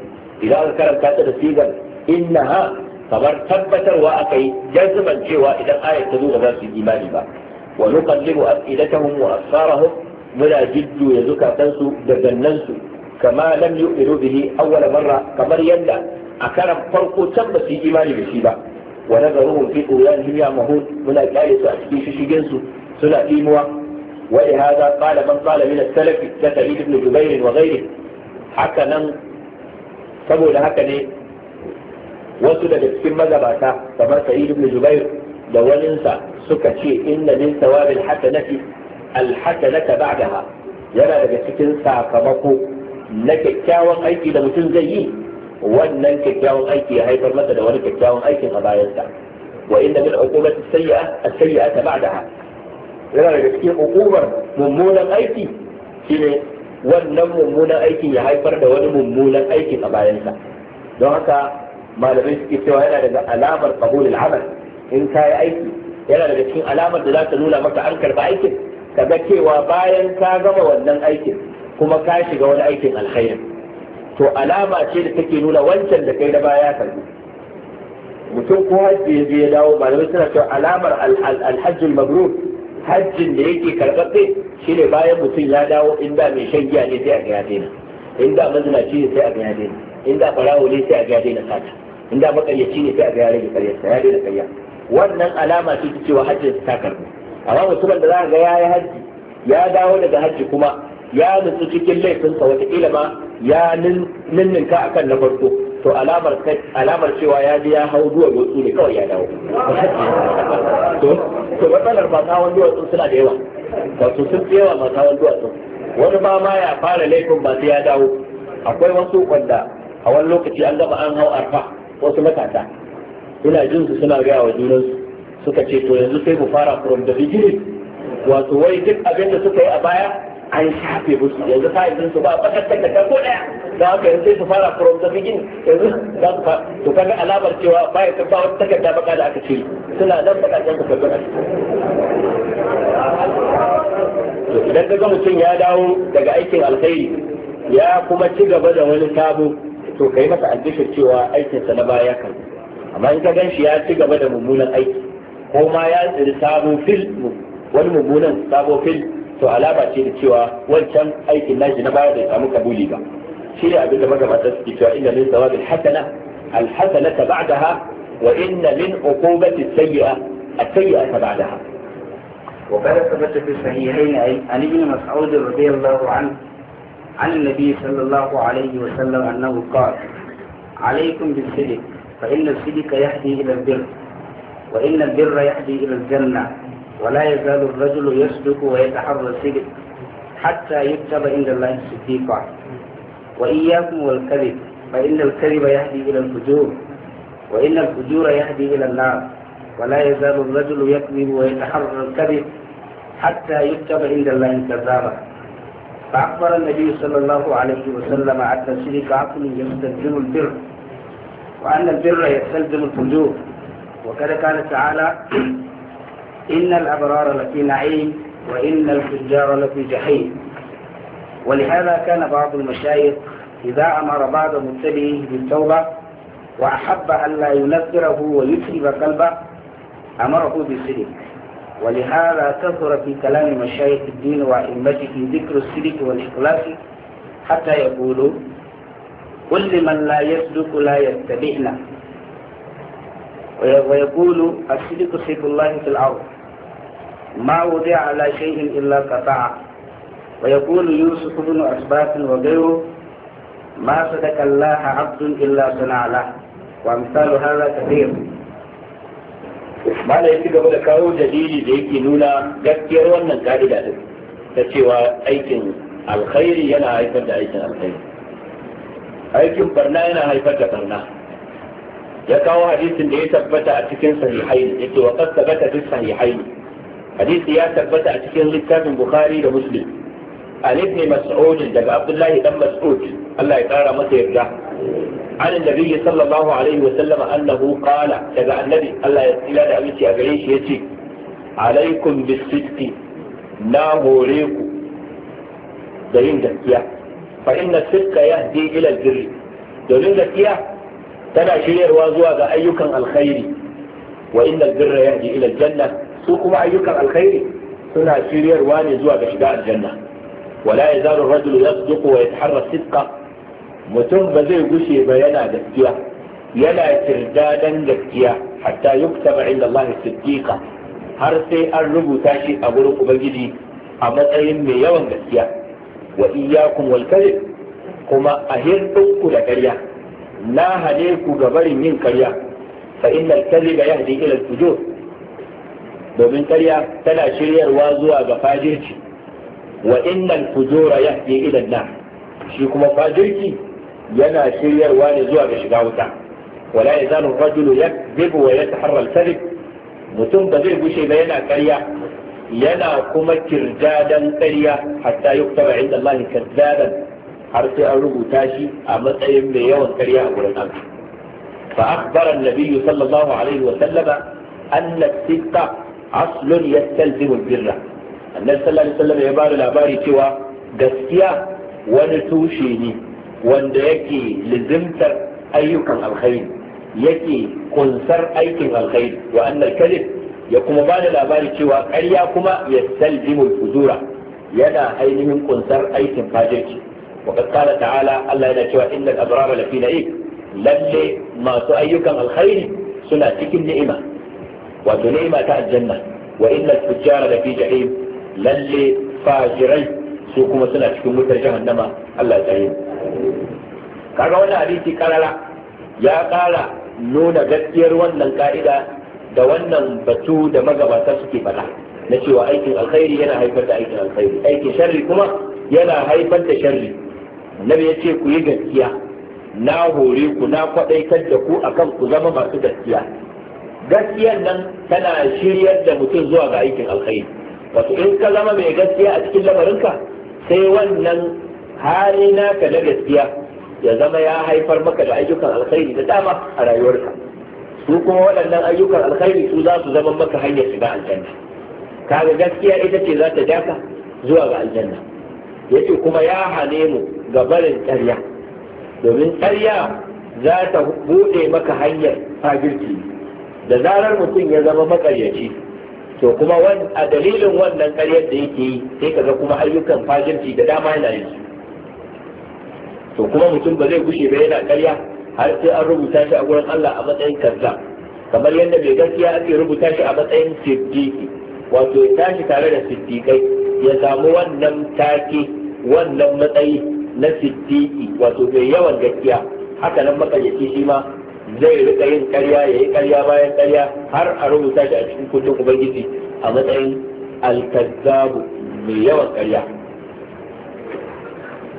idan aka karanta ta da sigar innaha kamar tabbatarwa aka yi jazuman cewa idan ayar ta zo ba za su yi imani ba wa nuqallibu afidatahum wa absarahum muna jiddu ya zukatansu da gannansu kama lam yu'minu bihi awwala marra kamar yadda a karan farko can ba su yi imani da shi ba wa nazaruhum fi quyanihim ya muna kyale su a cikin shishigin su suna imuwa wa hada qala man qala min as-salaf ka Sa'id ibn Jubair wa ghayrihi haka nan saboda haka ne wasu daga cikin magabata kamar sa'id ibn zubair da waninsa suka ce inna min thawabil hasanati alhasanata ba'daha yana daga cikin sakamako na kyakkyawan aiki da mutum zai yi wannan kyakkyawan aiki ya haifar masa da wani kyakkyawan aikin a bayansa wa inna min uqubati sayyi'a as-sayyi'ata ba'daha yana daga cikin hukumar mummunan aiki shine wannan mummunan aikin ya haifar da wani mummunan aikin a bayansa don haka malamai suke cewa yana daga alamar qabul al in in yi aiki yana daga cikin alamar da za ta nuna maka an karba aikin ga cewa bayan ka gama wannan aikin kuma ka shiga wani aikin alkhairi to alama ce da take nuna wancan da kai da baya karbi mutum ko hajji ya je ya dawo malamai suna cewa alamar alhajjul mabrur hajjin da yake karɓaɓɓe shi ne bayan mutum ya dawo inda mai shan giya ne sai a ga ya daina inda mazinaci ne sai a ga ya daina inda farawo ne sai a ga ya daina sata in da makaryaci ne sai a ga ya rage karyarsa ya daina karya wannan alama ce ta cewa hajji ta karbu amma mutumin da za ga ya yi hajji ya dawo daga hajji kuma ya nutsu cikin laifinsa wata ilima ya ninninka akan na farko to alamar cewa ya ji ya hau duwar wasu ne kawai ya dawo to matsalar masawan duwatsu suna da yawa su sun fi yawa masawan duwatsu wani ma ma ya fara laifin ba sai ya dawo akwai wasu wanda a wani lokaci an gama an hau arfa wasu matasa ina jin su suna gaya wa junansu suka ce to yanzu sai ku fara from the beginning wato wai duk abin da suka yi a baya an shafe musu yanzu fa'idin su ba bakar ta ko daya da haka yanzu sai su fara from the beginning yanzu za su fara to kaga alamar cewa baya ta ba wata takarda baka da aka ce suna nan bakakken takardun a to idan ka ga mutum ya dawo daga aikin alkhairi ya kuma ci gaba da wani sabo to kai masa albishir cewa aikinsa na baya kan amma in ka gan shi ya ci gaba da mummunan aiki ko ma ya tsiri sabo fil wani mummunan sabo fil to alaba ce da cewa wancan aikin nashi na baya bai samu kabuli ba shi ne abin da magabata suke cewa inna min sawabil hasana al hasanata ba'daha wa inna min uqubati sayyi'a as-sayyi'ata ba'daha وقد ثبت في الصحيحين عن ابن مسعود رضي الله عنه عن النبي صلى الله عليه وسلم أنه قال عليكم بالصدق فإن الصدق يهدي إلى البر وإن البر يهدي إلى الجنة ولا يزال الرجل يصدق ويتحرى الصدق حتى يكتب عند الله صديقا وإياكم والكذب فإن الكذب يهدي إلى الفجور وإن الفجور يهدي إلى النار ولا يزال الرجل يكذب ويتحرى الكذب حتى يكتب عند الله كذابا فأخبر النبي صلى الله عليه وسلم أن شرك كعقل يستلزم البر وأن البر يستلزم الفجور وكذا قال تعالى إن الأبرار لفي نعيم وإن الفجار لفي جحيم ولهذا كان بعض المشايخ إذا أمر بعض متبعيه بالتوبة وأحب أن لا ينذره ويتعب قلبه أمره بالشرك ولهذا كثر في كلام مشايخ الدين وأئمته ذكر السلك والإخلاص حتى يقولوا قل لمن لا يسلك لا يتبعنا ويقول السلك سيف الله في الأرض ما وضع على شيء إلا قطعه ويقول يوسف بن أسباط وغيره ما صدق الله عبد إلا صنع له وأمثال هذا كثير mana ya ci gaba da kawo dalili da yake nuna gaskiyar wannan ka'ida din ta cewa aikin alkhairi yana haifar da aikin alkhairi aikin barna yana haifar da barna ya kawo hadisin da ya tabbata a cikin ya ce wa kasta tabbata fi sahihain hadisi ya tabbata a cikin littafin bukhari da muslim an ibn mas'ud daga abdullahi dan mas'ud Allah ya kara masa yarda عن النبي صلى الله عليه وسلم أنه قال a النبي الله يسئل أمتي أبعيش يتي عليكم بالصدق لا هوريكم دين gaskiya fa inna sidqa yahdi ila albirr domin gaskiya tana shiryarwa zuwa ga ayyukan alkhairi wa inna albirra yahdi ila aljanna su kuma ayyukan alkhairi suna shiryarwa ne zuwa ga shiga janna wala yazalu ar-rajulu yasduqu wa yataharra sidqa mutum ba zai gushe ba yana gaskiya yana kirdadan gaskiya hatta yuktaba inda Allah siddiqa har sai an rubuta shi a gurin ubangiji a matsayin mai yawan gaskiya wa iyyakum wal kadhib kuma a ku da karya. na hane ku ga barin yin karya. fa innal kadhiba yahdi ila al-fujur domin ƙarya tana shiryarwa zuwa ga fajirci wa innal fujura yahdi ila an-nar shi kuma fajirci yana shiryarwa ne zuwa ga shiga wuta wala yazalu rajulu yakzibu wa yataharra al-kadhib mutum ba zai gushe ba yana ƙarya yana kuma kirdadan ƙarya hatta yuktaba inda Allah kadzaban har sai an rubuta shi a matsayin mai yawan ƙarya a gurin Allah fa akhbara an-nabiy sallallahu alaihi wa sallama anna as-sidqa aslun yastalzimu al-birra annabi sallallahu alaihi wa sallam ya bada labari cewa gaskiya wani tushe ne wanda yake lizimtar ayyukan alkhairi yake kunsar aikin alkhairi wa annal ya kuma ba da labari cewa ƙarya kuma ya saljimul fujura yana ainihin kunsar aikin fajirci wa qala ta'ala Allah yana cewa innal abrara lafi na'im lalle masu ayyukan alkhairi suna cikin ni'ima wato ni'ima ta aljanna wa innal fujjara lafi jahim lalle fajirai su kuma suna cikin wutar jahannama Allah ya tsare kaga wani hadisi karara ya kara nuna gaskiyar wannan ka'ida da wannan batu da magabata suke faɗa na cewa aikin alkhairi yana haifar da aikin alkhairi aikin sharri kuma yana haifar da sharri annabi ya ce ku yi gaskiya na hore ku na kwaɗaitar da ku akan ku zama masu gaskiya gaskiyar nan tana shiryar da mutum zuwa ga aikin alkhairi wato in ka zama mai gaskiya a cikin lamarinka sai wannan hali naka na gaskiya ya zama ya haifar maka da ayyukan alkhairi da dama a rayuwarka su kuma waɗannan ayyukan alkhairi su za su zama maka hanyar shiga aljanna kaga gaskiya ita ce za ta ka zuwa ga aljanna ce kuma ya hane mu ga barin domin ƙarya za ta buɗe maka hanyar fagirci da zarar mutum ya zama makaryaci to kuma a dalilin wannan ƙaryar da yake yi sai ga kuma ayyukan fagirci da dama yana yin su to kuma mutum ba zai gushe ba yana ƙarya har sai an rubuta shi a gurin Allah a matsayin kaza kamar yadda mai gaskiya ake rubuta shi a matsayin siddiqi wato ya tashi tare da siddiqai ya samu wannan take wannan matsayi na siddiqi wato mai yawan gaskiya haka nan makayyaci shi ma zai rika yin ƙarya ya yi ƙarya bayan ƙarya har a rubuta shi a cikin kundin ubangiji a matsayin alkazzabu mai yawan ƙarya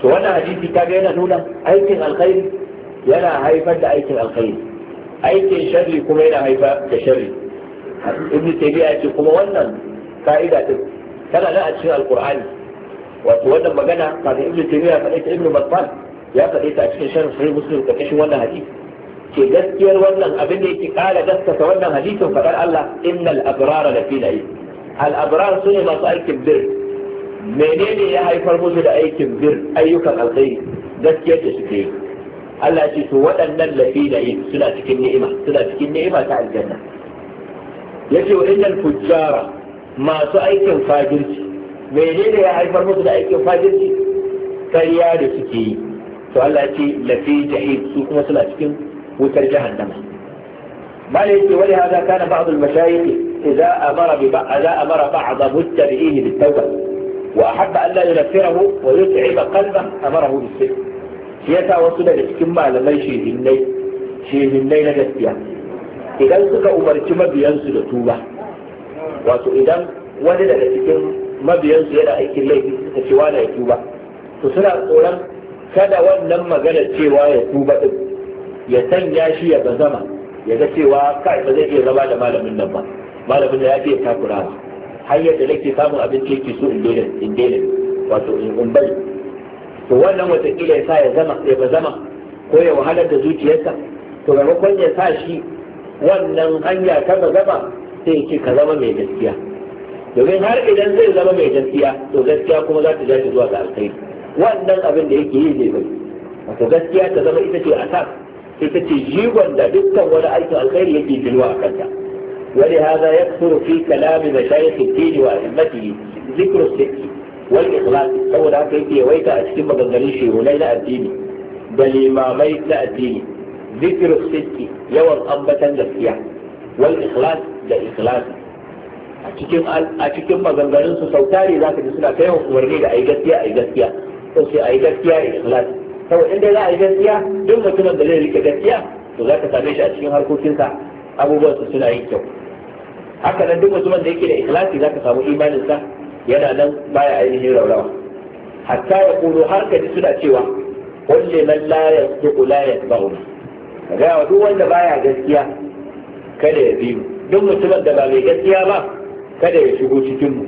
to wannan hadisi kaga yana nuna aikin alkhairi yana haifar da aikin alkhairi aikin sharri kuma yana haifar da sharri ibn taymiya yace kuma wannan ka'ida din tana nan a cikin alqur'ani wato wannan magana kafin ibn taymiya faɗa ta ibn battal ya faɗe ta a cikin sharh sahih muslim da kashin wannan hadisi ke gaskiyar wannan abin da yake kara gaskata wannan hadisin faɗar Allah innal abrara lafi na'im al abrar sune masu aikin bir menene ya haifar musu da aikin bir ayyukan alkhairi gaskiya da suke yi Allah ce to waɗannan lafina suna cikin ni'ima suna cikin ni'ima ta aljanna yace wa innal fujjara masu aikin fajirci menene ya haifar musu da aikin fajirci kariya da suke yi to Allah ce lafi jahim su kuma suna cikin wutar jahannama malai ce wani hada kana ba'd al-mashayikh idza amara bi ba'd amara ba'd muttabi'ihi bit-tawbah وأحب أن لا ينفره ويتعب قلبه أمره بالسلم شيتا وصل لإسكما لمن شيهني شيهني نجسيا إذا سك أمرت مبيان سلطوبة wato idan wani daga cikin mabiyansu yana aikin laifi suka ce wani ya tuba to suna tsoron kada wannan magana cewa ya tuba din ya sanya shi ya bazama ya ga cewa kai ba zai iya zama da malamin nan ba malamin da ya iya takurawa hanyar da nake samun abin da yake so in daina wato in bari to wannan kila ya sa ya zama ya ba zama ko ya wahalar da zuciyarsa to maimakon ya sa shi wannan hanya ta ba zama sai yake ka zama mai gaskiya domin har idan zai zama mai gaskiya to gaskiya kuma za ta ja zuwa ga alkhairi wannan abin da yake yi zai bai wato gaskiya ta zama ita ce asas ita ce jigon da dukkan wani aikin alkhairi yake jirwa a kanta ولهذا يكثر في كلام مشايخ الدين وأئمته ذكر الصدق والإخلاص أول هكا يكي أشتم بغنغلين شيروني لا أديني بل إمامي لا ذكر الصدق يوم أمة لسيا والإخلاص لا إخلاص a cikin maganganun su sau tare za ka ji suna kai umarni da a yi gaskiya a yi gaskiya ko sai a gaskiya da ikhlas saboda inda za a yi gaskiya duk mutumin da zai rike gaskiya to za ka same shi a cikin harkokinsa abubuwan su suna yin kyau haka nan duk mutumin da yake da ikhlasi zaka samu imanin sa yana nan baya ainihin raurawa hatta ya kulu har ka ji suna cewa kulli man la yasduqu la yatba'una ga duk wanda baya gaskiya kada ya bi mu duk mutumin da ba mai gaskiya ba kada ya shigo cikin mu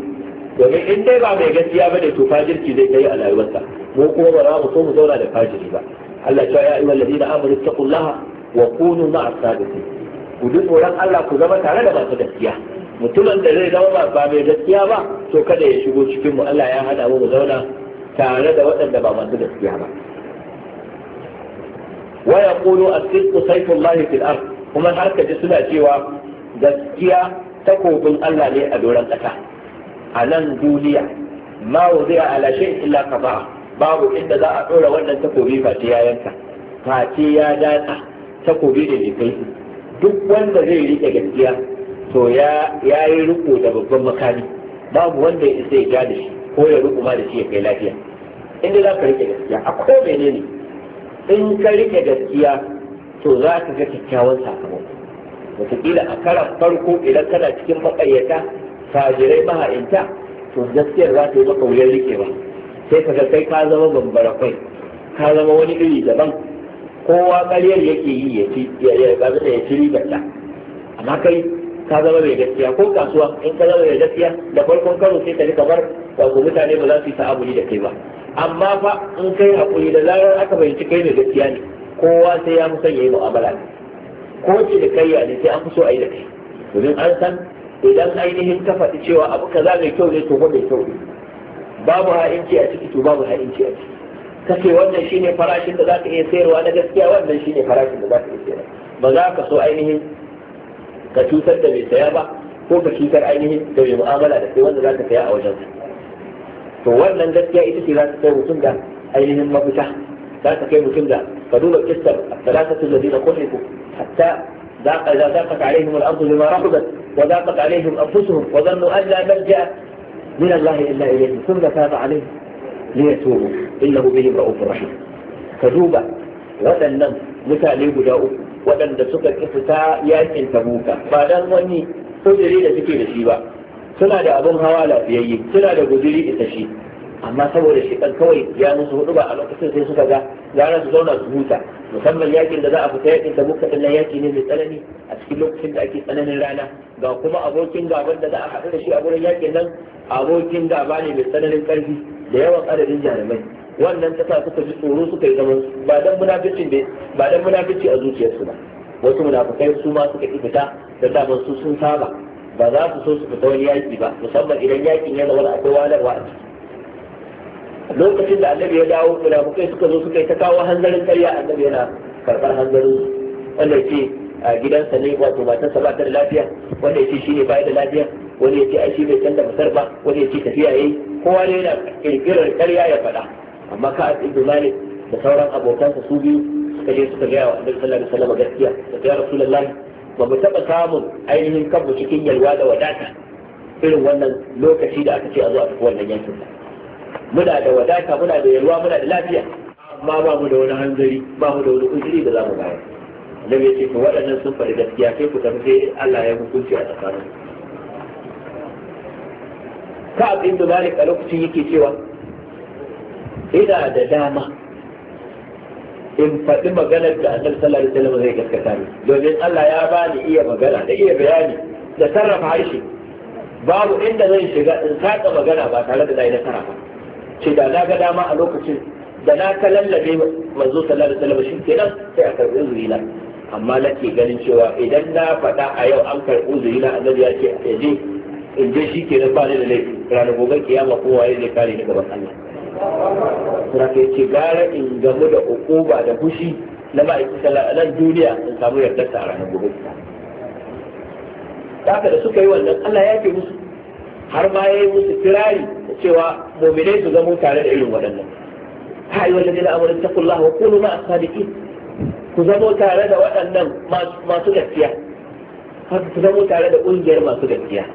domin in dai ba mai gaskiya ba da to fajirci zai kai a rayuwarsa mu kuma ba za mu so mu zauna da fajiri ba Allah ya ce ya ayyuhal ladina amanu taqullaha wa kunu ma'as sadiqin ku ji tsoron Allah ku zama tare da masu gaskiya mutumin da zai zama ba mai gaskiya ba to kada ya shigo cikin mu Allah ya hada mu mu zauna tare da waɗanda ba masu gaskiya ba wa yaqulu as-sidqu sayfullahi fil ard kuma har ji suna cewa gaskiya takobin Allah ne a doron ƙasa a nan duniya ma wuzi'a ala shay'in illa kafa babu inda za a dora wannan takobi face ya yanka face ya datsa takobi ne ne kai duk wanda zai riƙe gaskiya to ya yi riko da babban makami babu wanda ya isa ya ja da shi ko ya riko ma da shi ya kai lafiya inda za ka rike gaskiya a ko menene in ka rike gaskiya to za ka ga kyakkyawan sakamako wataƙila a karan farko idan kana cikin maƙayyata fajirai maha'inta to gaskiyar za ta yi maka wuyan ba. sai ka ga kai ka zama bambara kai ka zama wani iri daban kowa ƙaryar yake yi ya ci ya gaza da ya ci ta amma kai ka zama mai gaskiya ko kasuwa in ka zama mai gaskiya da farkon karo sai ka ji kamar ku mutane ba za su yi ta'amuli da kai ba amma fa in kai hakuri da zarar aka bayyanci kai mai gaskiya ne kowa sai ya fi son ya yi mu'amala ne ko ce da kai ya ne sai an fi so a yi da kai domin an san idan ainihin ka faɗi cewa abu kaza mai kyau ne to ba mai kyau ne babu ha'inci a ciki to babu ha'inci a ciki kake wannan shine farashin da zaka iya sayarwa na gaskiya wannan shine farashin da zaka iya sayarwa ba za ka so ainihin ka cutar da mai saya ba ko ka cutar ainihin da mai mu'amala da sai wanda zaka saya a wajen to wannan gaskiya ita ce za ta kai mutum da ainihin mafita za ta kai mutum da ka duba kistar salatatu ladina kulliku hatta ذاقت عليهم الارض بما رحبت وذاقت عليهم انفسهم وظنوا ان لا ملجا من الله الا اليه ثم تاب عليهم ليتوبوا إنه بهم رؤوف رحيم كذوبة waɗannan mutane guda uku waɗanda suka ƙi fita ta tabuka ba dan wani kujiri da suke da shi ba suna da abin hawa lafiyayye suna da guziri isa amma saboda shi kan kawai ya musu hudu ba a lokacin sai suka ga gara su zauna su huta musamman yakin da za a fita yakin ta din nan yaki ne mai tsanani a cikin lokacin da ake tsananin rana ga kuma abokin gaban da za a haɗu da shi a wurin yakin nan abokin gaba ne mai tsananin ƙarfi da yawan adadin jarumai wannan ta sa suka ji tsoro suka yi zaman ba dan munafici ne ba dan munafici a zuciyarsu ba wasu munafikai su ma suka ki fita da daman su sun saba ba za su so su fita wani yaki ba musamman idan yakin ya zama akwai walarwa a ciki lokacin da annabi ya dawo munafukai suka zo suka yi ta kawo hanzarin karya annabi yana karɓar hanzarin wanda ce a gidansa ne wato matarsa ba ta da lafiya wanda ya ce shi ne ba da lafiya wani ya ce ai shi bai canza masar ba wani ya ce tafiya ya yi. kowa ne yana kirkirar karya ya faɗa amma ka ibnu malik da sauran abokansa su biyu suka je suka gaya wa annabi sallallahu alaihi wasallam gaskiya da ya rasulullahi ba mu taɓa samun ainihin kanmu cikin yalwa da wadata irin wannan lokaci da aka ce a zo a tafi wannan yankin muna da wadata muna da yalwa muna da lafiya amma ba mu da wani hanzari ba mu da wani uzuri da za mu bayar annabi ya ce to waɗannan sun faɗi gaskiya sai ku tafi sai Allah ya hukunci a tsakanin ka'ab ibn malik a lokacin yake cewa ina da dama in faɗi maganar da annabi sallallahu alaihi wasallam zai gaskata ni domin Allah ya bani iya magana da iya bayani da sarrafa harshe babu inda zan shiga in saka magana ba tare da dai na sarrafa ce da na ga dama a lokacin da na kalallabe manzo sallallahu alaihi wasallam kenan sai a karɓi zurina amma nake ganin cewa idan na faɗa a yau an karɓi zurina annabi ya ce a in je shi kenan ba ni da laifi ranar gobe kiyama kowa ya zai kare ni gaban Allah kuma ke ce gara in gamu da ukuba da fushi na ma'aiki nan duniya in samu yardar ta ranar gobe ta haka da suka yi wannan Allah ya ke musu har ma ya yi musu kirari cewa mominai su zamo tare da irin waɗannan ha yi wajen dina amurin ta takullah wa kunu ma sadiki ku zamo tare da waɗannan masu gaskiya ku zamo tare da ƙungiyar masu gaskiya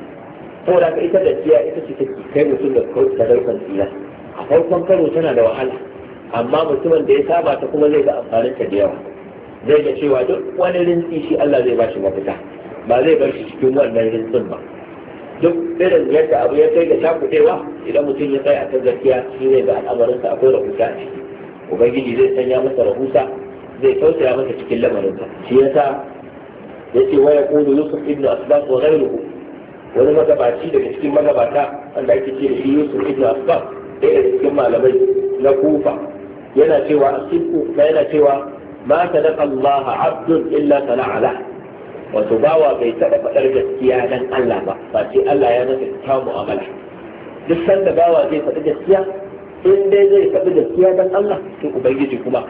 saboda ka ita gaskiya ita ce take kai mutum da sadaukan tsira a farkon karo tana da wahala amma mutumin da ya saba ta kuma zai ga amfanin ta da yawa zai ga cewa duk wani rinsi shi Allah zai ba shi mafita ba zai bar shi cikin wannan rinsin ba duk irin yadda abu ya kai ga cakuɗewa idan mutum ya tsaya akan gaskiya shi zai ga al'amarinsa akwai rahusa a ciki ubangiji zai sanya masa rahusa zai tausaya masa cikin lamarin sa shi yasa yace wa yaqulu yusuf ibnu asbaq wa ghayruhu wani magabaci daga cikin magabata wanda ake ce da shi Yusuf ibn Affan ɗaya daga cikin malamai na Kufa yana cewa asibku na yana cewa ma sadaqa Allah abdun illa sana'a lah wato bawa bai taɓa faɗar gaskiya dan Allah ba ba ce Allah ya masa kyawun mu'amala duk sanda bawa zai faɗi gaskiya in dai zai faɗi gaskiya dan Allah to ubangiji kuma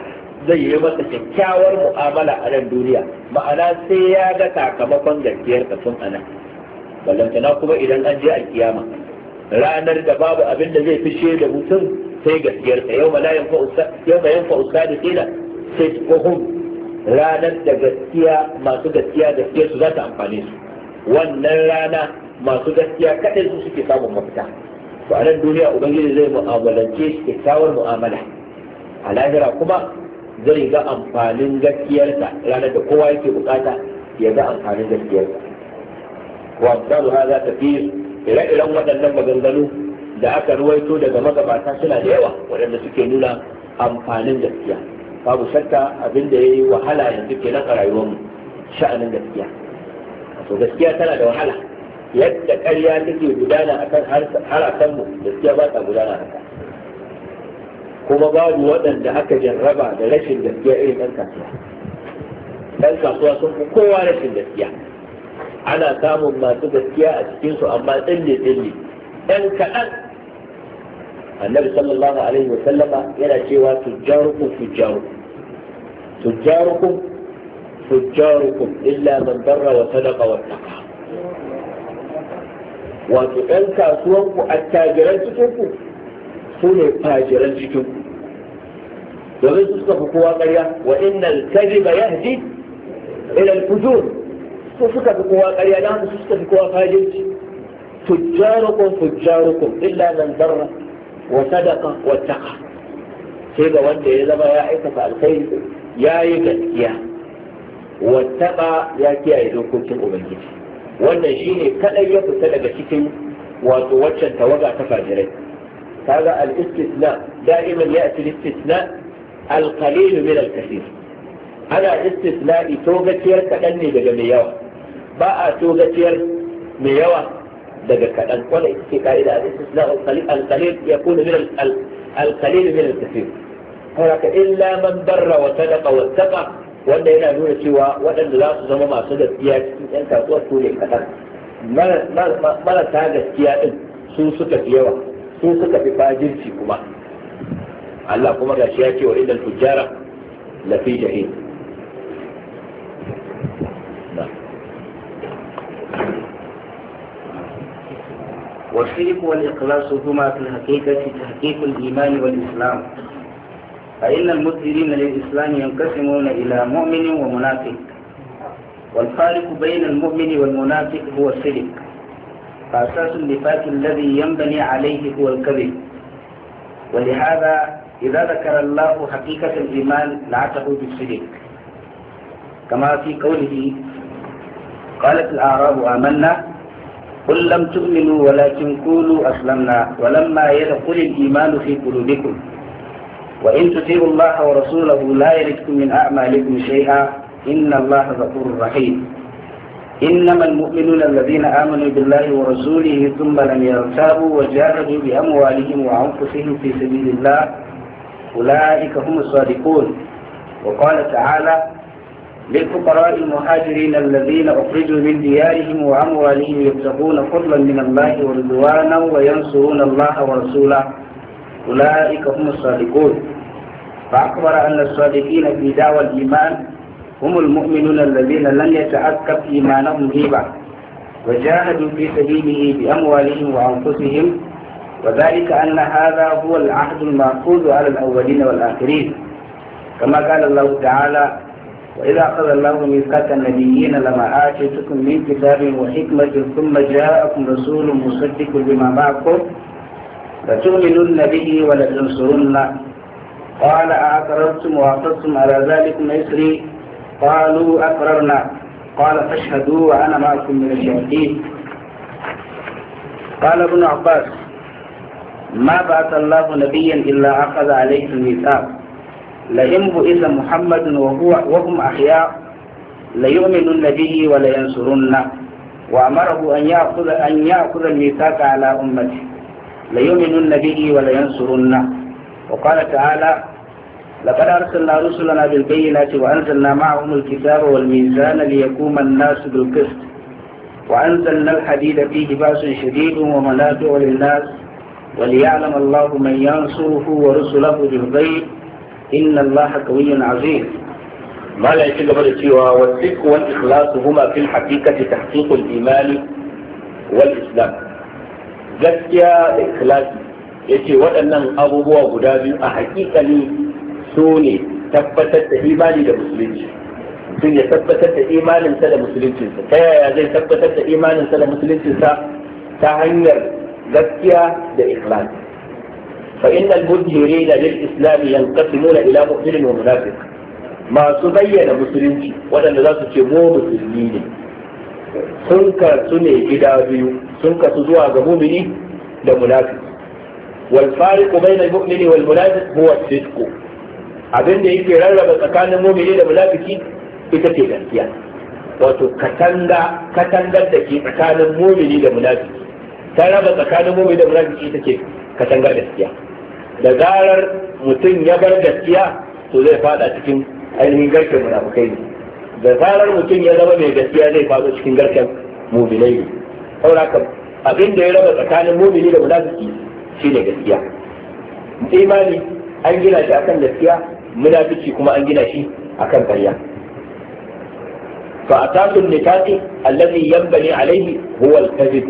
zai yi masa kyakkyawar mu'amala a nan duniya ma'ana sai ya ga sakamakon gaskiyar ka tun a nan ballantana kuma idan an je a kiyama, ranar da babu abin da zai fishe da mutum sai sa, yau ma fa'usa da tsina sai kohun ranar da gaskiya masu gaskiya gaskiyar su za ta amfane su wannan rana masu gaskiya kadai su suke samun mafita to nan duniya ubangiji zai mu'amalance shi kyakkyawar mu'amala a lahira kuma zai ga amfanin gaskiyarsa ranar da kowa yake bukata ya ga amfanin gaskiyarsa wa za ta fi ire-iren waɗannan maganganu da aka ruwaito daga magabata suna da yawa waɗanda suke nuna amfanin gaskiya babu shakka abin da ya yi wahala yanzu nan a rayuwarmu sha'anin gaskiya to gaskiya tana da wahala yadda ƙarya take gudana akan harakan mu gaskiya ba ta gudana haka kuma babu waɗanda aka jarraba da rashin gaskiya irin ɗan kasuwa ɗan kasuwa sun fi kowa rashin gaskiya ana samun masu gaskiya a cikinsu amma tsille tsille ɗan kaɗan annabi sallallahu alaihi wa sallama yana cewa tujjarukum tujjarukum tujjarukum tujjarukum illa man barra wa sadaqa wa taqa wato ɗan kasuwanku attajiran cikinku su ne fajiran cikinku domin su suka fi kowa ƙarya wa innal kadhiba yahdi ila al-fujur su suka fi kowa ƙarya na su suka fi kowa fajirci fujjarukum fujjarukum illa man darra wa sadaqa wa taqa sai ga wanda ya zama ya aikata alkhairi ya yi gaskiya wa taqa ya kiyaye dokokin ubangiji wannan shine kadai ya fita daga cikin wato waccan tawaga ta fajirai kaga al-istisna da'iman ya'ti al-istisna al-qalil min al-kathir ana istisna'i togaciyar kaɗan ne daga mai yawa ba a togaciyar mai yawa daga kaɗan wanda ita ce ka'ida a istisna'u alkalil ya kuna min alkalil min alkafir haka illa man barra wa sadaqa wa taqa wanda yana nuna cewa waɗanda za su zama masu gaskiya cikin yan kasuwar su ne kaɗan marasa gaskiya ɗin su suka fi yawa su suka fi fajirci kuma Allah kuma gashi ya ce wa idan tujjara lafi jahil والشرك والإخلاص هما في الحقيقة تحقيق الإيمان والإسلام فإن المسلمين للإسلام ينقسمون إلى مؤمن ومنافق والفارق بين المؤمن والمنافق هو الشرك فأساس النفاق الذي ينبني عليه هو الكذب ولهذا إذا ذكر الله حقيقة الإيمان نعته بالشرك كما في قوله قالت الأعراب آمنا قل لم تؤمنوا ولكن قولوا أسلمنا ولما يدخل الإيمان في قلوبكم وإن تطيعوا الله ورسوله لا يلدكم من أعمالكم شيئا إن الله غفور رحيم إنما المؤمنون الذين آمنوا بالله ورسوله ثم لم يرتابوا وجاهدوا بأموالهم وأنفسهم في سبيل الله أولئك هم الصادقون وقال تعالى للفقراء المهاجرين الذين أخرجوا من ديارهم وأموالهم يبتغون فضلا من الله ورضوانا وينصرون الله ورسوله أولئك هم الصادقون فأخبر أن الصادقين في دعوى الإيمان هم المؤمنون الذين لم يتأكد إيمانهم هبة وجاهدوا في سبيله بأموالهم وأنفسهم وذلك أن هذا هو العهد المأخوذ على الأولين والآخرين كما قال الله تعالى وإذا أخذ الله ميثاق النبيين لما آتيتكم من كتاب وحكمة ثم جاءكم رسول مصدق لما معكم لتؤمنن به ولتنصرنه قال أأقررتم وأخذتم على ذلكم مصري قالوا أقررنا قال فاشهدوا وأنا معكم من الشهدين قال ابن عباس ما بعث الله نبيا إلا أخذ عليه الميثاق لئن بئس محمد وهو وهم أحياء ليؤمنن به ولينصرنه وأمره أن يأخذ أن يأخذ الميثاق على أمته ليؤمنن به ولينصرنه وقال تعالى لقد أرسلنا رسلنا بالبينات وأنزلنا معهم الكتاب والميزان ليقوم الناس بالقسط وأنزلنا الحديد فيه بأس شديد ومنافع للناس وليعلم الله من ينصره ورسله بالغيب inna allaha qawiyyun azim mala ya ci gaba da cewa wa sikku wal ikhlasu huma fil haqiqati tahqiqul imani wal islam gaskiya da yace waɗannan abubuwa guda biyu a haƙiƙani su ne tabbatar da imani da musulunci mutum ya tabbatar da imaninsa da sa ta yaya zai tabbatar da imaninsa da sa ta hanyar gaskiya da ikhlasi فإن المدهرين للإسلام ينقسمون إلى مؤمن ومنافق ما سبين مسلمين ولا نزاس تشمو مسلمين سنك سنة جدا سنك سزوى مؤمني لمنافق والفارق بين المؤمن والمنافق هو الصدق abin da yake rarraba tsakanin mumini da munafiki ita ce gaskiya wato katanga katangar da ke tsakanin mumini da munafiki ta raba tsakanin mumini da munafiki ita ce katangar gaskiya da zarar mutum ya bar gaskiya to zai fada cikin ainihin garken munafukai ne da zarar mutum ya zama mai gaskiya zai fado cikin garken muminai ne saboda abin da ya raba tsakanin mumini da munafiki shine gaskiya imani an gina shi akan gaskiya munafiki kuma an gina shi akan karya فأساس النفاق الذي ينبني عليه هو الكذب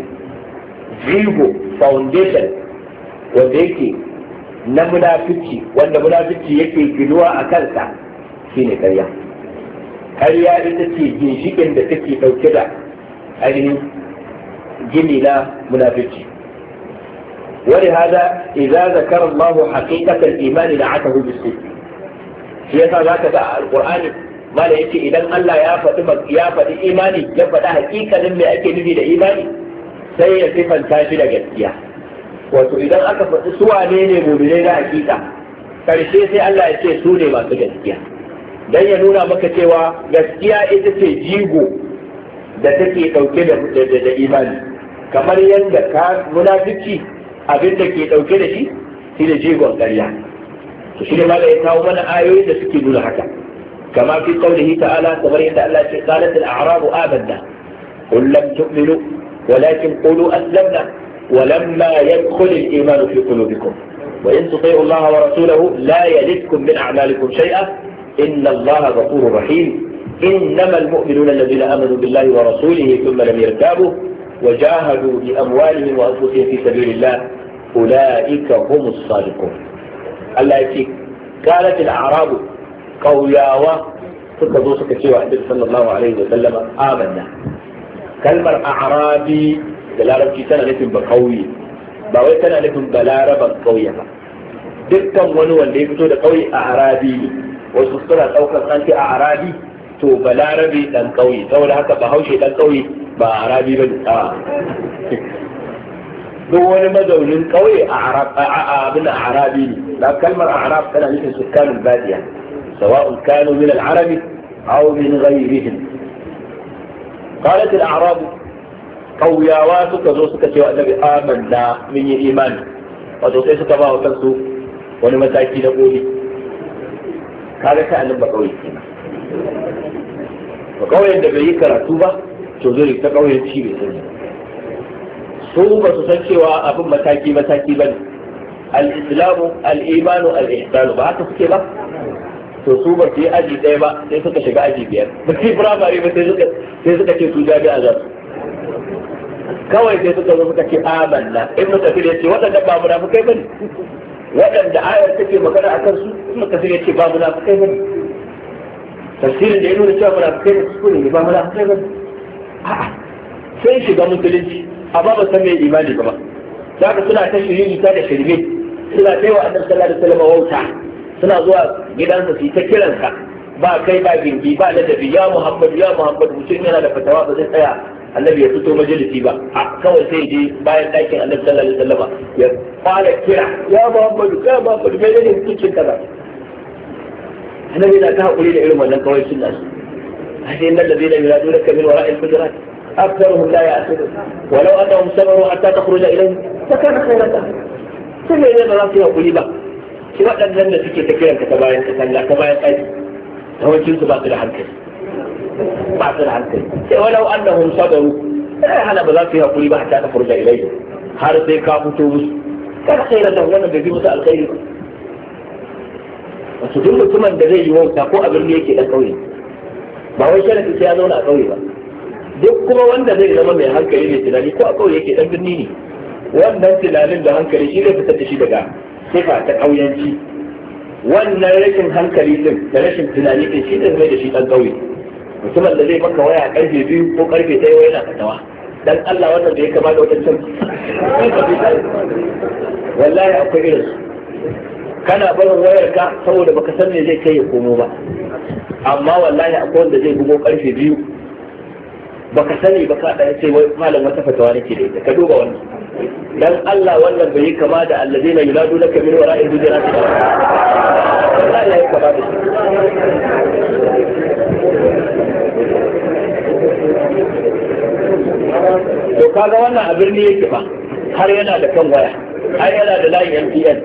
زيغو foundation wanda yake na munafici wanda munafici yake ginuwa a kansa shine ƙarya ƙarya ita ce ginshiƙin da take ɗauke da ainihin gini na munafici ولهذا إذا ذكر imani da aka لعته بالصدق shi yasa za ka ga a alƙur'ani mala yace idan Allah ya faɗi ya faɗi imani ya faɗi hakikalin me ake nufi da imani sai ya sifanta shi da gaskiya wato idan aka faɗi su wane ne mu'minai na hakika karshe sai Allah ya ce su ne masu gaskiya dan ya nuna maka cewa gaskiya ita ce jigo da take dauke da imani kamar yadda ka munafici abin da ke dauke da shi shi da jigon ƙarya to shi ne mala ya kawo mana ayoyin da suke nuna haka kama fi qaulihi ta'ala kamar yadda Allah ya ce qalat al-a'rabu amanna qul lam walakin qulu ولما يدخل الإيمان في قلوبكم وإن تطيعوا الله ورسوله لا يلدكم من أعمالكم شيئا إن الله غفور رحيم إنما المؤمنون الذين آمنوا بالله ورسوله ثم لم يرتابوا وجاهدوا بأموالهم وأنفسهم في سبيل الله أولئك هم الصادقون الله يكفيك قالت الأعراب و تكذوسك سوى واحد صلى الله عليه وسلم آمنا كلمة أعرابي da larabci tana nufin ba kauye ba wai tana nufin ba laraban kauye ba dukkan wani wanda ya fito da kauye a arabi ne wasu suna daukar an a arabi to ba larabi dan kauye saboda haka ba haushe dan kauye ba arabi ba ne duk wani mazaunin kauye a arab abin arabi ne da kalmar arab tana nufin sukkanin badiya sawa'un kanu min al-arabi aw min ghayrihim قالت الأعراب kauyawa suka zo suka ce wa annabi amanna mun yi imani wato sai suka ba wa kansu wani mataki na koli kaga ta annabi ba kauye kenan ba kauyen da bai yi karatu ba to zai ta kauyen shi bai sani su ba su san cewa abin mataki mataki ba ne al-islamu al-imanu al-ihsanu ba haka suke ba to su ba su yi aji ɗaya ba sai suka shiga aji biyar ba sai firamare ba sai suka ce su jami'a za su kawai sai suka zo suka ce amanna in muka fi ce waɗanda ba munafukai bane waɗanda ayar take magana a kansu in muka fi ce ba munafukai bane tafsirin da ya nuna cewa munafukai ne su ne ba munafukai bane a'a sai shiga musulunci amma ba san mai imani ba za ka suna ta shirye ta da shirme suna ta wa annabi sallallahu alaihi wasallam wauta suna zuwa gidansa su ta kiransa ba kai ba gindi ba ladabi ya muhammad ya muhammad mutum yana da fatawa ba zai tsaya annabi ya fito majalisi ba a kawai sai je bayan ɗakin annabi sallallahu alaihi wasallam ya fara kira ya muhammadu ya muhammadu me ne hukuncin kaza annabi da ta hakuri da irin wannan kawai sunna su ashe innal ladina yunadunaka min wara'il hujurat أكثرهم لا يأكلون ولو أنهم صبروا حتى تخرج إليهم فكان ba لهم ثم da suke في kiran ka لم نسكي تكيرا كتباين كتباين كتباين أيضا هو ba su da hankali ba su hankali sai walau annahum sabaru sai eh, hana ba za su yi hakuri ba hatta ta furta ilai har sai ka fito musu kar sai da wannan bai bi musu alkhairi wato duk mutumin da zai yi wauta ko abin da yake dan kauye ba wai sharadi sai ya zauna a kauye ba duk kuma wanda zai zama mai hankali mai tunani ko a kauye yake dan birni ne wannan tunanin da hankali shi zai fita da shi daga sifa ta kauyanci wannan rashin hankali din da rashin tunani din shi zai mai da shi dan kauye mutumin da zai maka waya karfe biyu ko karfe ɗaya wai na fatawa dan Allah wannan da ya kama da wata can wallahi akwai irin kana barin wayar ka saboda baka san me zai kai ya komo ba amma wallahi akwai wanda zai bugo karfe biyu baka sani ba ka ɗaya ce wai malam wata fatawa nake da ita ka duba wannan dan Allah wannan bai yi kama da alladina yuladu laka min wara'in ba, Allah ya kama da shi to kaga wannan a birni yake ba har yana da kan waya har yana da layin NPN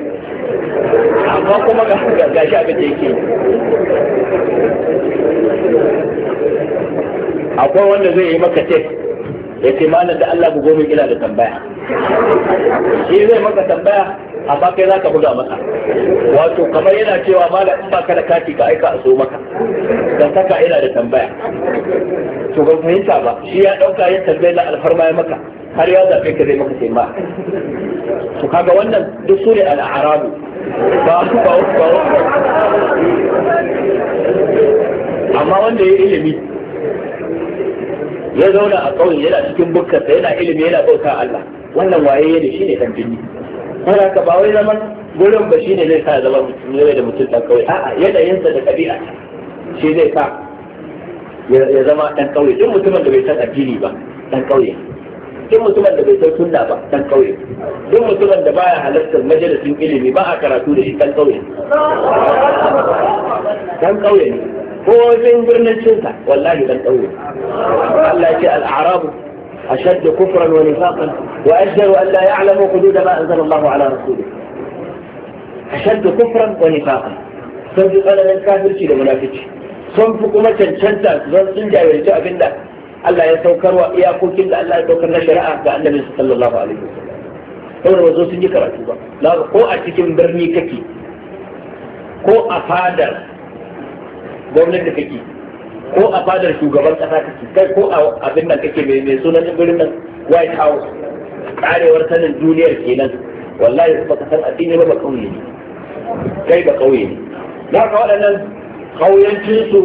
amma kuma ga shi abin da yake akwai wanda zai yi maka tek ya ce malam da Allah bugo min ina da tambaya shi zai maka tambaya amma kai za ka buga maka wato kamar yana cewa da in ka da kati ka aika a so maka dan saka yana da tambaya to ban fahimta ba shi ya dauka yin tambayar da alfarma ya maka har ya zabe ka zai maka sai ma to kaga wannan duk su ne al'arabu ba ba ba amma wanda ya ilimi ya zauna a ƙauye yana cikin bukkarsa yana ilimi yana bauta Allah wannan waye ne shine dan jini yana ka ba wai zaman gurin ba shine zai sa zama mutum ne da mutum dan kawai a'a yanayinsa da ɗabi'a shi zai sa ya zama dan kauye duk mutumin da bai san addini ba dan kauye duk mutumin da bai san sunna ba dan kauye duk mutumin da baya halartar majalisin ilimi ba a karatu da shi dan kauye dan kauye ne ko sun birnin cinta wallahi dan kauye Allah ya ce al-arabu اشد كفرا ونفاقا واجدر ان لا يعلموا حدود ما انزل الله على رسوله. اشد كفرا ونفاقا. سند قال لك كافر شيء لما نافتش. سند فكما كان شنتا زن سنجا ويجا بنا. الله يتوكل ويا كل الا الله يتوكل نشرا آه كان النبي صلى الله عليه وسلم. هو وزوس يكره الله. لا قوة تكن برني كتي. قوة فادر. قوة نتكتي. ko a fadar shugaban kasa kake kai ko a abin nan kake mai mai sunan birnin nan white house karewar sanin duniyar kenan wallahi ba ka san addini ba ba kauye ne kai ba kauye ne da ka waɗannan kauyancin su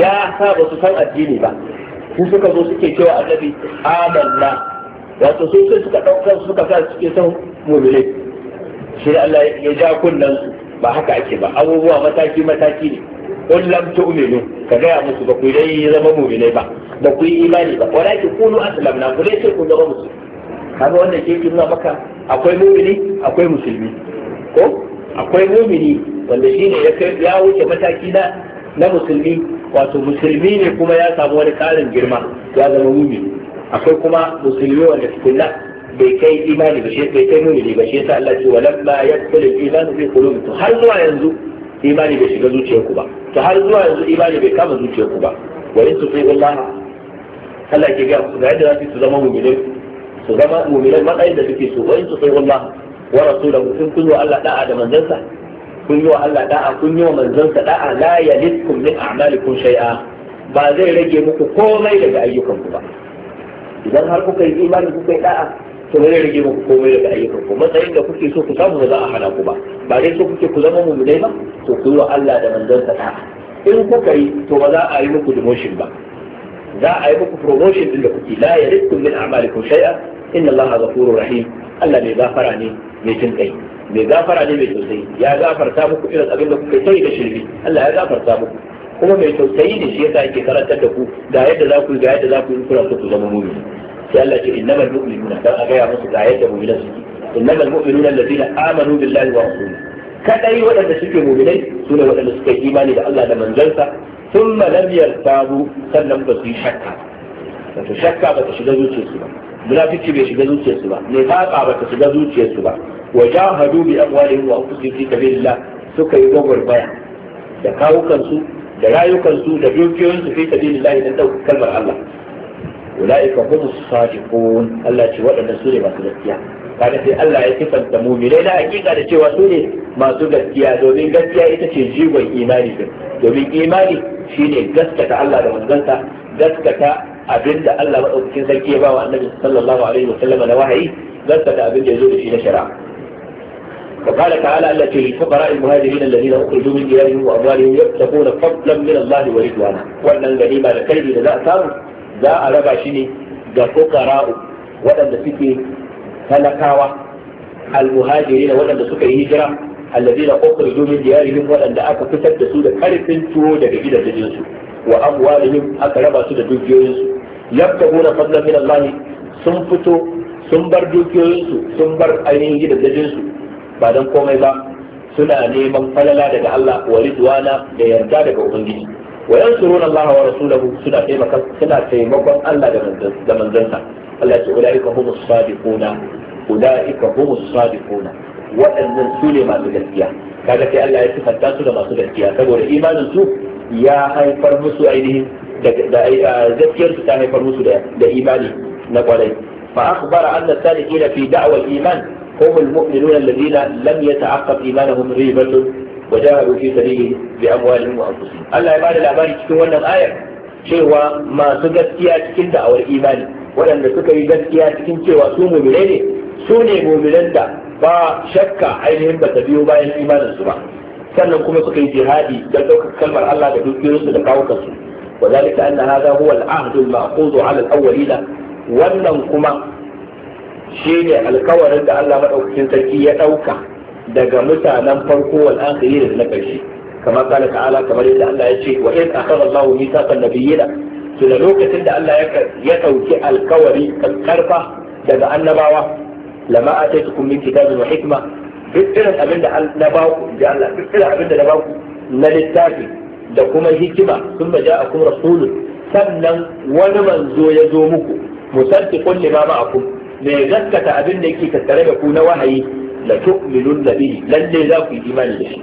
ya sa ba su san addini ba su suka zo suke cewa annabi amanna wato su sai suka ɗaukar suka sa suke son mumine shi Allah ya ja kunnan su ba haka ake ba abubuwa mataki mataki ne qul lam tu'minu ka gaya musu ba ku dai zama mu'minai ba ba ku yi imani ba ki kunu aslamna ku dai sai ku zama musu kaga wannan ke nuna maka akwai mu'mini akwai musulmi ko akwai mu'mini wanda shine ya kai ya wuce mataki na na musulmi wato musulmi ne kuma ya samu wani karin girma ya zama mu'mini akwai kuma musulmi wanda tukunna bai kai imani ba shi bai kai mu'mini ba shi yasa Allah ce walamma yadkhulu al-iman fi qulubikum har zuwa yanzu imani bai shiga zuciyarku ba to har zuwa yanzu imani bai kama zuciyarku ba wa in tusibu Allah Allah ke ga su ga yadda za su zama mu'minai su zama mu'minai matsayin da suke so wa in tusibu Allah wa rasulahu mutum kun yi wa Allah da'a da manzansa kun yi wa Allah da'a kun yi wa manzansa da'a la yalitkum min a'malikum shay'a ba zai rage muku komai daga ayyukanku ba idan har kuka yi imani kuka yi da'a to ba zai rage muku komai daga ayyukan ku matsayin da kuke so ku samu ba za a hana ku ba ba dai so kuke ku zama mu dai ba to ku yi wa Allah da manzon sa in kuka yi to ba za a yi muku demotion ba za a yi muku promotion din da kuke la yaritkum min a'malikum shay'a inna Allah ghafurur rahim Allah mai gafara ne mai jin kai mai gafara ne mai tausayi ya gafarta muku irin abin da kuka yi da shirbi Allah ya gafarta muku kuma mai tausayi ne shi yasa yake karantar da ku ga yadda za ku ga yadda za ku yi so ku zama mu'mini sai Allah ce innamal mu'minuna dan a gaya musu ga yadda mu'minan suke innamal mu'minuna alladhina amanu billahi wa rasulihi kadai waɗanda suke mu'minai sune ne waɗanda suka yi imani da Allah da manzansa thumma lam yartabu sannan ba su yi shakka wato shakka ba ta shiga zuciyarsu ba munafici bai shiga zuciyarsu ba nifaqa ba ta shiga zuciyarsu ba wa jahadu bi amwalihim wa anfusihim fi sabilillah suka yi baya. da kawukansu da rayukansu da su fi sabilillah dan daukar kalmar Allah ulaika humus sadiqun Allah ce waɗanda su ne masu gaskiya kaga sai Allah ya sifanta mu'minai na hakika da cewa su ne masu gaskiya domin gaskiya ita ce jigon imani din domin imani shine gaskata Allah da manzansa gaskata abinda Allah madaukakin sarki ya ba wa Annabi sallallahu alaihi wa wasallam na wahayi gaskata abinda yazo da shi na shari'a وقال تعالى التي للفقراء المهاجرين الذين اخرجوا من ديارهم واموالهم يبتغون فضلا من الله ورضوانا وان الغنيمه لكيد لا تام za a raba shi ne ga fuqara'u waɗanda suke talakawa al-muhajirin waɗanda suka yi hijira alladheena ukhrijoo domin diyarihim waɗanda aka fitar da su da karfin tuwo daga gidajen su wa amwalihim aka raba su da dukiyoyin su yabtaguna fadlan min Allah sun fito sun bar dukiyoyin su sun bar ainihin gidajen su ba dan komai ba suna neman falala daga Allah wa ridwana da yarda daga ubangiji Wayan yansuruna Allah wa rasulahu suna taimaka suna taimakon Allah da manzansa Allah ya ce ulaika humus sadiquna ulaika humus sadiquna waɗannan su ne masu gaskiya kaga sai Allah ya sifanta su da masu gaskiya saboda imanin su ya haifar musu ainihin da gaskiyar su ta haifar musu da imani na kwarai fa akhbara anna sadiqina fi da'wa al-iman هم المؤمنون الذين لم يتعقب ايمانهم ريبة وجاهدوا في سبيله بأموالهم وأنفسهم الله يبارك الأباري cikin wannan ayar cewa masu gaskiya cikin da'awar imani waɗanda suka yi gaskiya cikin cewa su mumire ne su ne mumiran da ba shakka ainihin ba ta biyo bayan imanin su ba sannan kuma suka yi jihadi don ɗaukar kalmar Allah da dukiyoyinsu da kawukansu wa zalika anna hadha huwa al-ahd al-ma'qud 'ala al-awwalina wannan kuma shine alkawarin da Allah madaukakin sarki ya ɗauka daga mutanen farko wal akhirin na karshe kamar kala ta'ala kamar yadda Allah ya ce wa in akhadha Allahu mithaqan nabiyina to da lokacin da Allah ya dauki alkawari karfa daga annabawa lama ataitukum min kitabin wa hikma duk irin abin da annabawa da Allah duk irin abin da na baku na littafi da kuma hikima sun a ja'akum rasulun sannan wani manzo ya zo muku musaddiqun lima ma'akum me gaskata abin da yake tattare da ku na wahayi la tu'minunna bihi lalle za ku yi imani da shi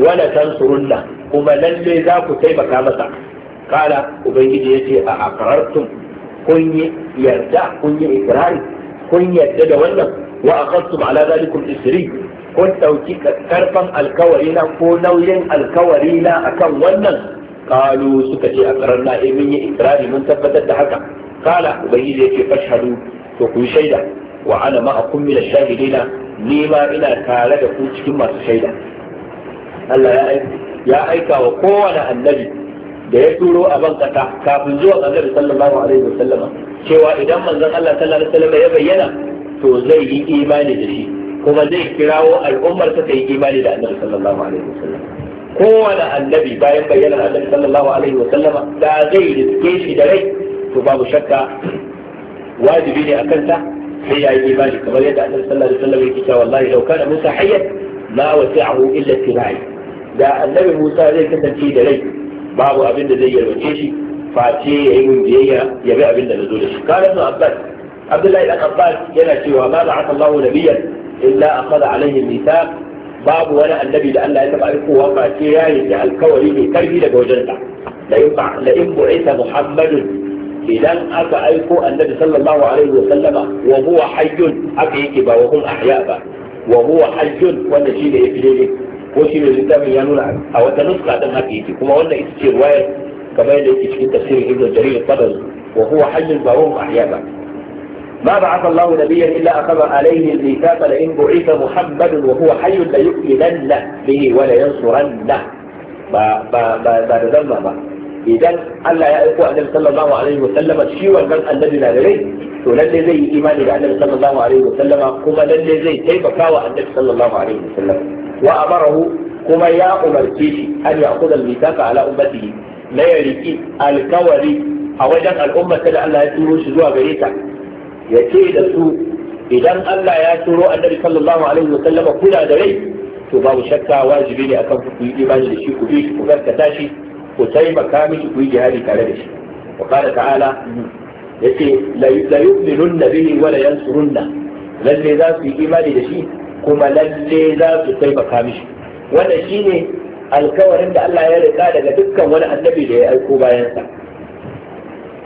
wala tansurunna kuma lalle za ku taimaka masa kala ubangiji yace a aqrartum kun yi yarda kun yi ikrari kun yarda da wannan wa aqadtum ala zalikum isri kun dauki karfan alkawari na ko nauyin alkawari na akan wannan kalu suka ce a qararna eh, mun yi ikrari mun tabbatar da haka kala ubangiji yace fashhadu to ku shaida wa ana ma'akum min ash-shahidina ni ma ina tare da ku cikin masu shaida Allah ya aika wa kowane annabi da ya turo a ban kasa kafin zuwa annabi sallallahu alaihi wasallama cewa idan manzon Allah sallallahu alaihi wasallama ya bayyana to zai yi imani da shi kuma zai kirawo al'ummar ta yi imani da annabi sallallahu alaihi wasallam kowane annabi bayan bayyanar annabi sallallahu alaihi wasallama da zai riske shi da rai to babu shakka wajibi ne a kansa هي أي مالك بل يدع النبي صلى الله عليه وسلم والله لو كان موسى حيا ما وسعه إلا اتباعي دا النبي موسى ذلك تنفيذ لي باب أبن ذي الوجيشي فأتي أيمن ذي يبيع أبن نزول قال ابن عباس عبد الله بن عباس يلا وما بعث الله نبيا إلا أخذ عليه الميثاق باب ولا النبي لأن لا يتبع القوة فأتي يا يعني الكوري في كيفي لجوجنة لئن بعث لئن بعث محمد idan aka aiko annabi sallallahu alaihi wa sallama wa huwa hayyun aka yake ba wa hum ahya ba wa huwa hayyun wanda shi ne ya fi daidai ko shi ne littafin ya nuna a wata nuska din haka yake kuma wannan ita ce ruwayar kamar yadda yake cikin tafsirin ibnu jarir qadar wa huwa hayyun ba wa hum ahya ba ما بعث الله نبيا الا اخذ عليه الميثاق لئن بعث محمد وهو حي ليؤمنن به ولينصرنه ba da zamba ba idan Allah ya aiko annabi sallallahu alaihi wa sallama shi wannan annabi na da rai to lalle zai yi imani da annabi sallallahu alaihi wa sallama kuma lalle zai taimaka wa annabi sallallahu alaihi wa sallama wa amarahu kuma ya umarce shi an ya'khudha al-mithaqa ala ummatihi la yariki alkawari a wajen al'ummata da Allah ya turo shi zuwa gare ta ya ce da su idan Allah ya turo annabi sallallahu alaihi wa sallama kuna da rai to babu shakka wajibi ne akan ku yi imani da shi ku bi shi ku garkata shi ku taimaka miki ku yi jihadi tare da shi wa qala ta'ala yace la yu'minunna bihi wa la yansurunna lalle za su yi imani da shi kuma lalle za su taimaka mishi wannan shine alkawarin da Allah ya rika daga dukkan wani annabi da ya aiko bayansa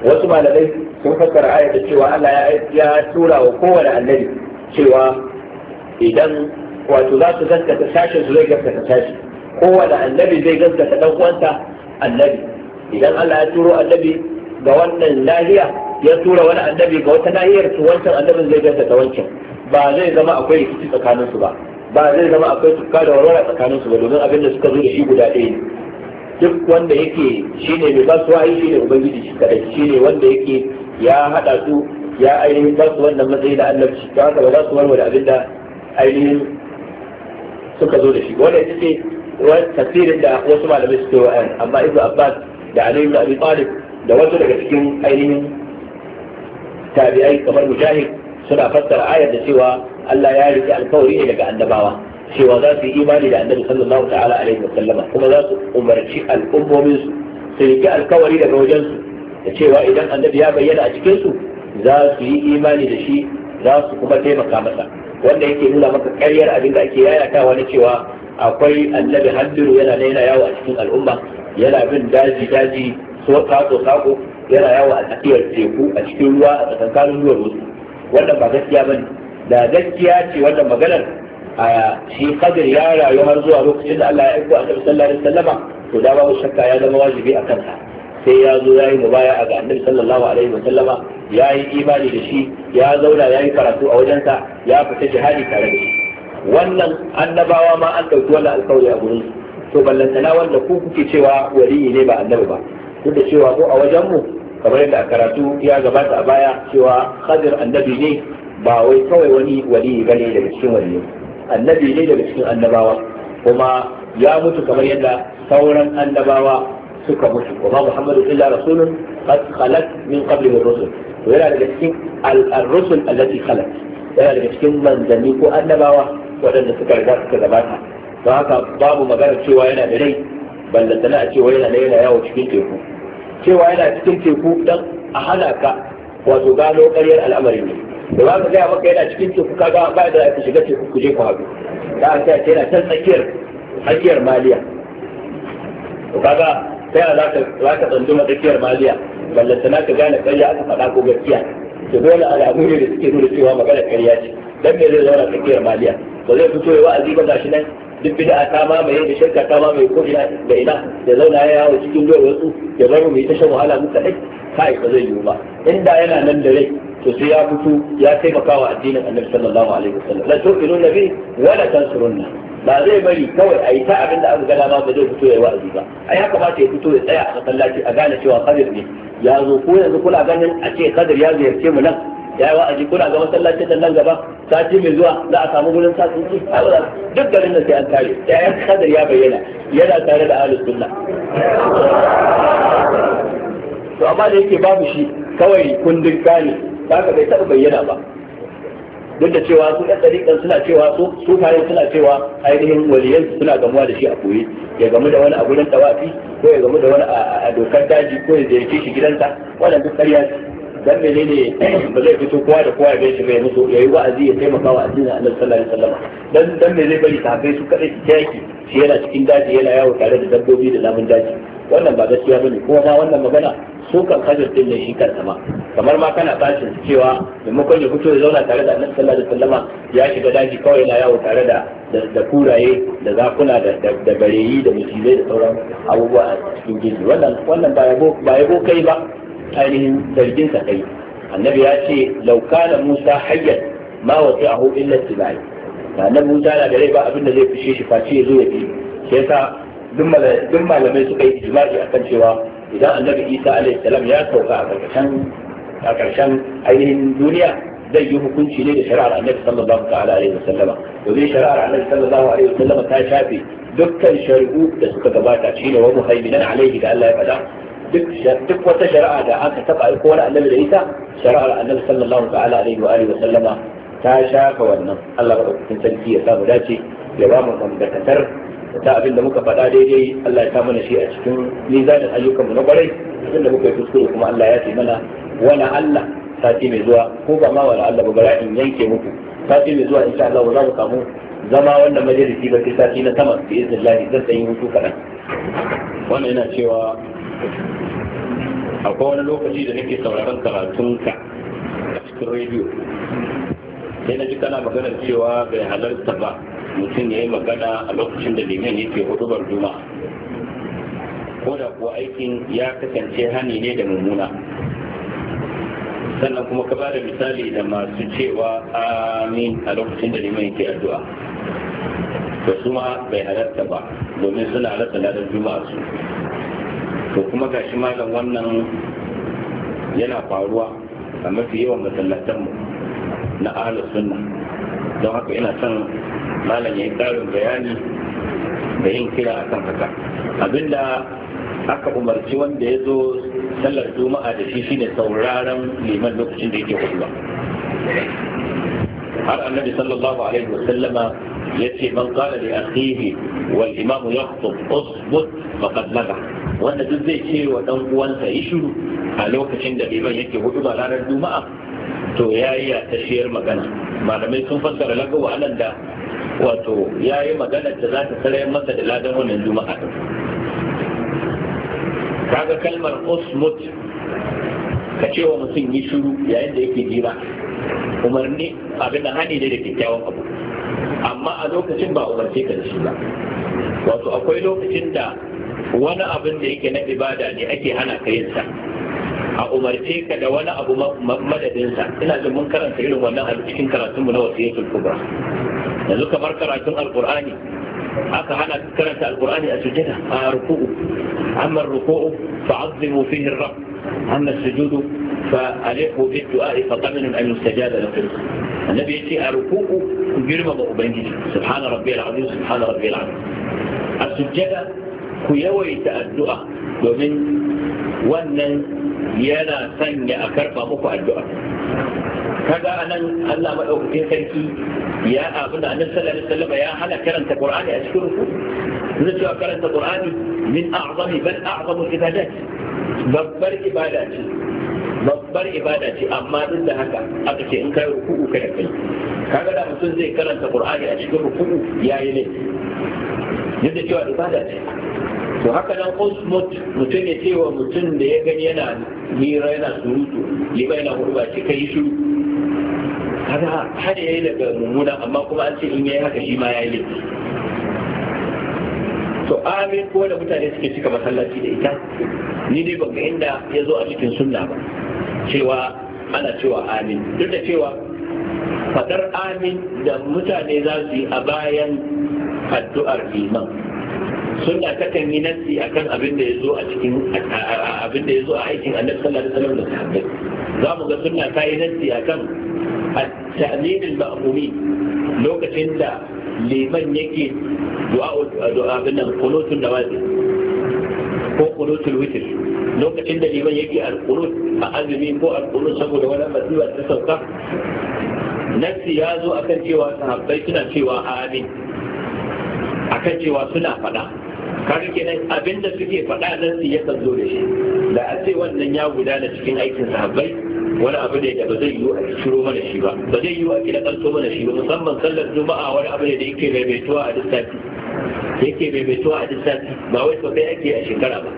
wasu malamai sun fassara ayat da cewa Allah ya tura wa kowane annabi cewa idan wato za su gaskata sashen su zai gaskata sashi kowane annabi zai gaskata dan uwansa annabi idan Allah ya turo annabi ga wannan lahiya ya tura wani annabi ga wata lahiyar to wancan annabin zai ganta ta wancan ba zai zama akwai rikici tsakanin su ba ba zai zama akwai tukka da warwara tsakanin su ba domin abin da suka zo da shi guda ɗaya ne duk wanda yake shine mai ba su wa'ayi shine ubangiji shi kadai shine wanda yake ya hada su ya ainihin ba su wannan matsayi da annabci don haka ba za su warware abin da ainihin suka zo da shi wanda ita ce tasirin da wasu malamai suke wa ayan amma ibnu abbas da ali ibn abi talib da wasu daga cikin ainihin tabi'ai kamar mujahid suna fassara ayar da cewa Allah ya rike alkawari ne daga annabawa cewa za su yi imani da annabi sallallahu ta'ala alaihi wa sallama kuma za su umarci al'ummomin su su rike alkawari daga wajen su da cewa idan annabi ya bayyana a cikin su za su yi imani da shi za su kuma taimaka masa wanda yake nuna maka karyar abin da ake yayatawa na cewa akwai annabi haddiru yana yana yawo a cikin al'umma yana bin daji daji so sako sako yana yawo a tsakiyar teku a cikin ruwa a tsakankanin ruwan wasu wannan ba gaskiya bane da gaskiya ce wannan maganar a shi kadir ya rayu har zuwa lokacin da Allah ya aiko annabi sallallahu alaihi wasallama to da babu shakka ya zama wajibi a kansa sai ya zo ya yi mubaya ga annabi sallallahu alaihi wa sallama ya yi imani da shi ya zauna ya yi karatu a wajensa ya fita jihadi tare da shi wannan annabawa ma an ɗauki wannan alkawari a gurin to ballantana wanda ku kuke cewa waliyi ne ba annabi ba duk da cewa ko a wajen mu kamar yadda a karatu ya gabata a baya cewa khadir annabi ne ba wai kawai wani waliyi bane daga cikin waliyi annabi ne daga cikin annabawa kuma ya mutu kamar yadda sauran annabawa suka mutu kuma muhammadu illa rasulun qad khalat min qablihi rusul to yana daga cikin al-rusul allati khalat yana daga cikin manzanni ko annabawa waɗanda suka riga suka gabata ba haka babu magana cewa yana da rai ballantana a cewa yana da yana yawo cikin teku cewa yana cikin teku dan a hana ka wato gano ƙaryar al'amari ne da ba ka gaya maka yana cikin teku ka ga ba da ka shiga teku ku je ku haɗu da a sai yana can tsakiyar tsakiyar maliya to kaga sai za ka za ka tsanduma tsakiyar maliya ballantana ka gane ƙarya aka faɗa ko gaskiya to dole alamu ne da suke nuna cewa magana ƙarya ce dan me zai zauna tsakiyar maliya ba zai fito ya wa'azi ba gashi nan duk bid'a ta mamaye da shirka ta mamaye ko ina da ina da zauna ya yawo cikin doyar wasu ya bar mu yi ta shan wahala mu kaɗai. kai ba zai yiwu ba inda yana nan da rai to sai ya fito ya taimaka wa addinin annabi sallallahu alaihi wasallam la tu'minu nabi wa la tansurunna ba zai bari kawai a yi ta abin da aka gada ma ba zai fito ya yi wa'azi ba A ya kamata ya fito ya tsaya a masallaci a gane cewa kadir ne ya zo ko yanzu kula ganin a ce kadir ya ziyarce mu nan ya yi wa'azi kuna ga masallacin da nan gaba sati mai zuwa za a samu gurin sa tsinci duk garin da sai an kare ya ya kadar ya bayyana yana tare da ahlus sunna to amma da yake babu shi kawai kundin gane ba ka bai taɓa bayyana ba duk da cewa su ɗan ɗariƙan suna cewa su su suna cewa ainihin waliyan suna gamuwa da shi a koyi ya gamu da wani a gurin tawafi ko ya gamu da wani a dokar daji ko ya ziyarce shi gidansa wannan duk ƙarya dan menene ba zai fito kowa da kowa ya gaishe mai musu yayi wa'azi ya taimaka wa addinin Allah sallallahu alaihi wasallam dan dan me zai bari sahabbai su kadai su yaki shi yana cikin daji yana yawo tare da dabbobi da lamun daji wannan ba gaskiya bane kuma ma wannan magana su kan kajar din ne shi kan kamar ma kana bashin cewa maimakon ya fito ya zauna tare da Allah sallallahu alaihi wasallam ya shiga daji kawai yana yawo tare da da kuraye da zakuna da bareyi da mutizai da sauran abubuwa a cikin gidi wannan ba ba yabo kai ba ainihin zargin sa kai annabi ya ce laukala musa hayyan ma wasi ahu illa tibai da annabi musa na da rai ba abin da zai fushe shi face ya zo ya fi sai yasa duk malamai suka yi ijma'i akan cewa idan annabi isa alaihi salam ya sauka a karkashin karshen ainihin duniya zai yi hukunci ne da shari'ar annabi sallallahu ta'ala alaihi wasallama domin shari'ar annabi sallallahu alaihi sallama ta shafe dukkan shari'u da suka gabata shine wa muhaiminan alaihi da Allah ya faɗa duk wata shari'a da aka taba aiko wani annabi da ita shari'ar annabi sallallahu ta'ala alaihi wa alihi wa sallama ta shafa wannan Allah madaukakin sarki ya samu dace ya ba mu gamdakatar ta abin da muka faɗa daidai Allah ya sa mana shi a cikin mizanin ayyukanmu na gwarai abin da muka yi kuskure kuma Allah ya ce mana wala Allah sati mai zuwa ko ba ma wani Allah ba in yanke muku sati mai zuwa insha Allah za mu kamu zama wannan majalisi ba sai sati na sama bi iznillah zan yi hutu kaɗan wannan yana cewa akwai wani lokaci da nake sauraron karatunka a cikin rediyo sai na ji kana magana cewa bai halarta ba mutum ya yi magana a lokacin da liman yake hudubar juma ko da kuwa aikin ya kasance hani ne da mummuna sannan kuma ka bada misali da masu cewa amin a lokacin da liman yake addu'a da su ma bai halarta ba domin suna halarta ladar juma'a su to kuma gashi malam wannan yana faruwa a mafi yawan masallatanmu na ahlus sunna don haka ina son malam ya yi ƙarin bayani da yin kira a kan haka abinda aka umarci wanda ya zo sallar juma'a da shi shine sauraron liman lokacin da yake hudu har annabi sallallahu alaihi wa sallama yace man qala li akhihi wal imamu yakhutub usbut faqad laga wanda duk zai ce wa dan uwansa yi shiru a lokacin da liman yake hudu ba ranar juma'a to ya yi a tashiyar magana malamai sun fassara wa anan da wato ya yi magana da za ta sarayar masa da ladan wannan juma'a kaga kalmar osmut ka ce wa mutum yi shiru yayin da yake jira umarni abin da hani ne da kyakkyawan abu amma a lokacin ba umarce ka da shi ba wato akwai lokacin da wani abin da yake na ibada ne ake hana ka yin sa a umarce ka da wani abu madadin sa ina jin mun karanta irin wannan a cikin karatunmu na wasiyatul kubra yanzu kamar karatun alqur'ani aka hana karanta alqur'ani a sujada a ruku'u amma ruku'u fa'azzimu fihi ar-rabb amma sujudu fa'alihu bid-du'a fa tamanu an yustajaba lakum annabi yace a ruku'u girma girmama ubangiji subhana rabbiyal azim subhana rabbiyal azim a sujada ku yawaita addu'a domin wannan yana sanya a karba muku addu'a kaga anan Allah madaukakin sarki ya abu da annabi sallallahu alaihi wasallam ya hana karanta Qur'ani a cikin ruku zai cewa karanta Qur'ani min a'zami bal a'zamu ibadat babbar ibada ce babbar ibada ce amma duk da haka aka ce in kai ruku'u kai kai kaga da mutum zai karanta Qur'ani a cikin ruku'u yayi ne yadda cewa ibada ce to haka nan usmut mutum ya cewa mutum da ya gani yana hira yana surutu liba yana hudu ba ce ka yi shiru Kada har ya yi daga mummuna amma kuma an ce in ya yi haka shi ma ya yi laifi to amin ko da mutane suke cika masallaci da ita ni dai ban ga inda ya zo a cikin sunna ba cewa ana cewa amin duk da cewa fadar amin da mutane za su yi a bayan addu'ar liman sunna ta kan yi nasi kan abin da ya zo a cikin abin da ya zo a aikin annabi sallallahu alaihi wasallam da sahabbai za mu ga sunna ta yi nasi a kan a al-ma'mumi lokacin da liman yake du'a du'a bin qunutun nawazi ko qunutul witr lokacin da liman yake al-qunut a azumi ko al-qunut saboda wani masiba ta sauka nasi ya zo akan cewa sahabbai suna cewa amin akan cewa suna faɗa kaga kenan abinda suke faɗa nan su yakan zo da shi da a ce wannan ya gudana cikin aikin sahabbai wani abu ne da ba zai yiwu a ciro mana shi ba ba zai yiwu a kira kanto mana shi ba musamman sallar juma'a wani abu ne da yake maimaituwa a duk sati yake maimaituwa a duk sati ba wai sosai ake a shekara ba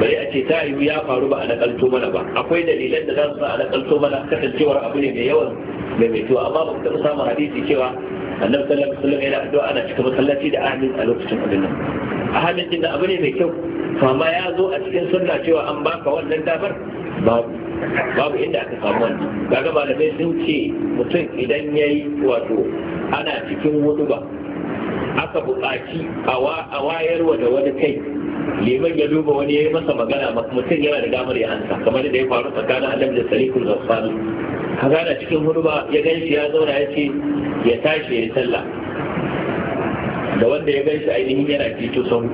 bari a ce ta yiwu ya faru ba a nakalto mana ba akwai dalilan da za su a nakalto mana kasancewar abu ne mai yawan maimaituwa amma ba ku taɓa samun hadisi cewa annabi sallallahu alaihi wasallam yana addu'a ana cikin masallaci da amin a lokacin abin nan a halin da abu ne mai kyau to ya zo a cikin sunna cewa an baka wannan damar babu babu inda aka samu wannan kaga malamai sun ce mutum idan ya yi wato ana cikin huduba. ba aka buƙaci a wayarwa da wani kai liman ya duba wani ya yi masa magana mutum yana da damar ya ansa kamar da ya faru tsakanin a da salikul gaffalu ka da cikin huduba ya gan shi ya zauna ya ce ya tashi ya yi sallah da wanda ya gaisa ainihin yana fito sau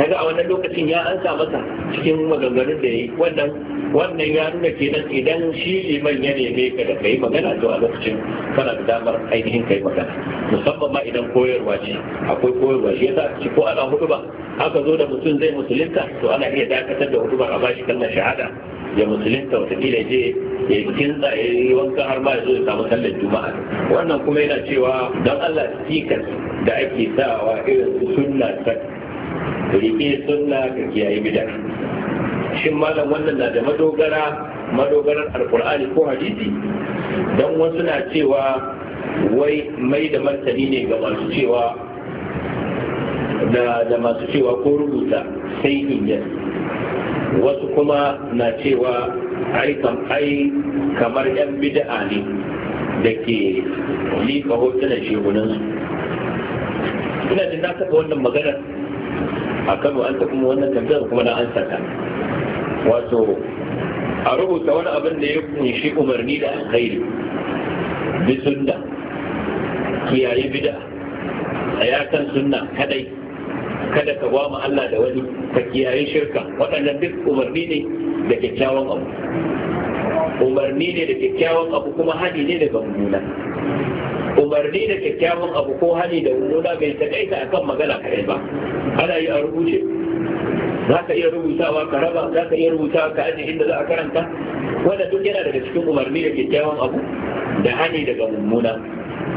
kaga a wannan lokacin ya ansa masa cikin maganganun da ya yi wannan wannan ya nuna kenan idan shi liman ya neme ka da kai magana to a lokacin kana da damar ainihin kai magana musamman ma idan koyarwa ce akwai koyarwa shi yasa ci ko ana hudu aka zo da mutum zai musulunta to ana iya dakatar da hudu a bashi kallon shahada ya musulunta watakila je ya kinsa ya yi wanka har ma ya zo ya samu sallar juma'a wannan kuma yana cewa don Allah speakers da ake sawa irin su sunna ta rike sunna ga kiyaye bid'a shin malam wannan na da madogara madogaran alkur'ani ko hadisi don wasu na cewa wai mai da martani ne ga masu cewa da masu cewa ko rubuta sai injin wasu kuma na cewa ai kamar yan bid'a ne da ke liƙa hotunan shegunansu ina jin na taɓa wannan maganar a kano an taɓa wannan tambayar kuma na an saka wato a rubuta wani abin da ya kunshi umarni da alkhairi bi sunna kiyaye bid'a a kan sunna kadai kada ka ba mu Allah da wani ka kiyaye shirka waɗannan duk umarni ne da kyakkyawan abu umarni ne da kyakkyawan abu kuma hadi ne daga mummuna umarni da kyakkyawan abu ko hali da mummuna bai takaita kan magana kai ba ana yi a rubuce za ka iya rubutawa ka raba za ka iya rubutawa ka aje inda za a karanta wanda duk yana daga cikin umarni da kyakkyawan abu da hani daga mummuna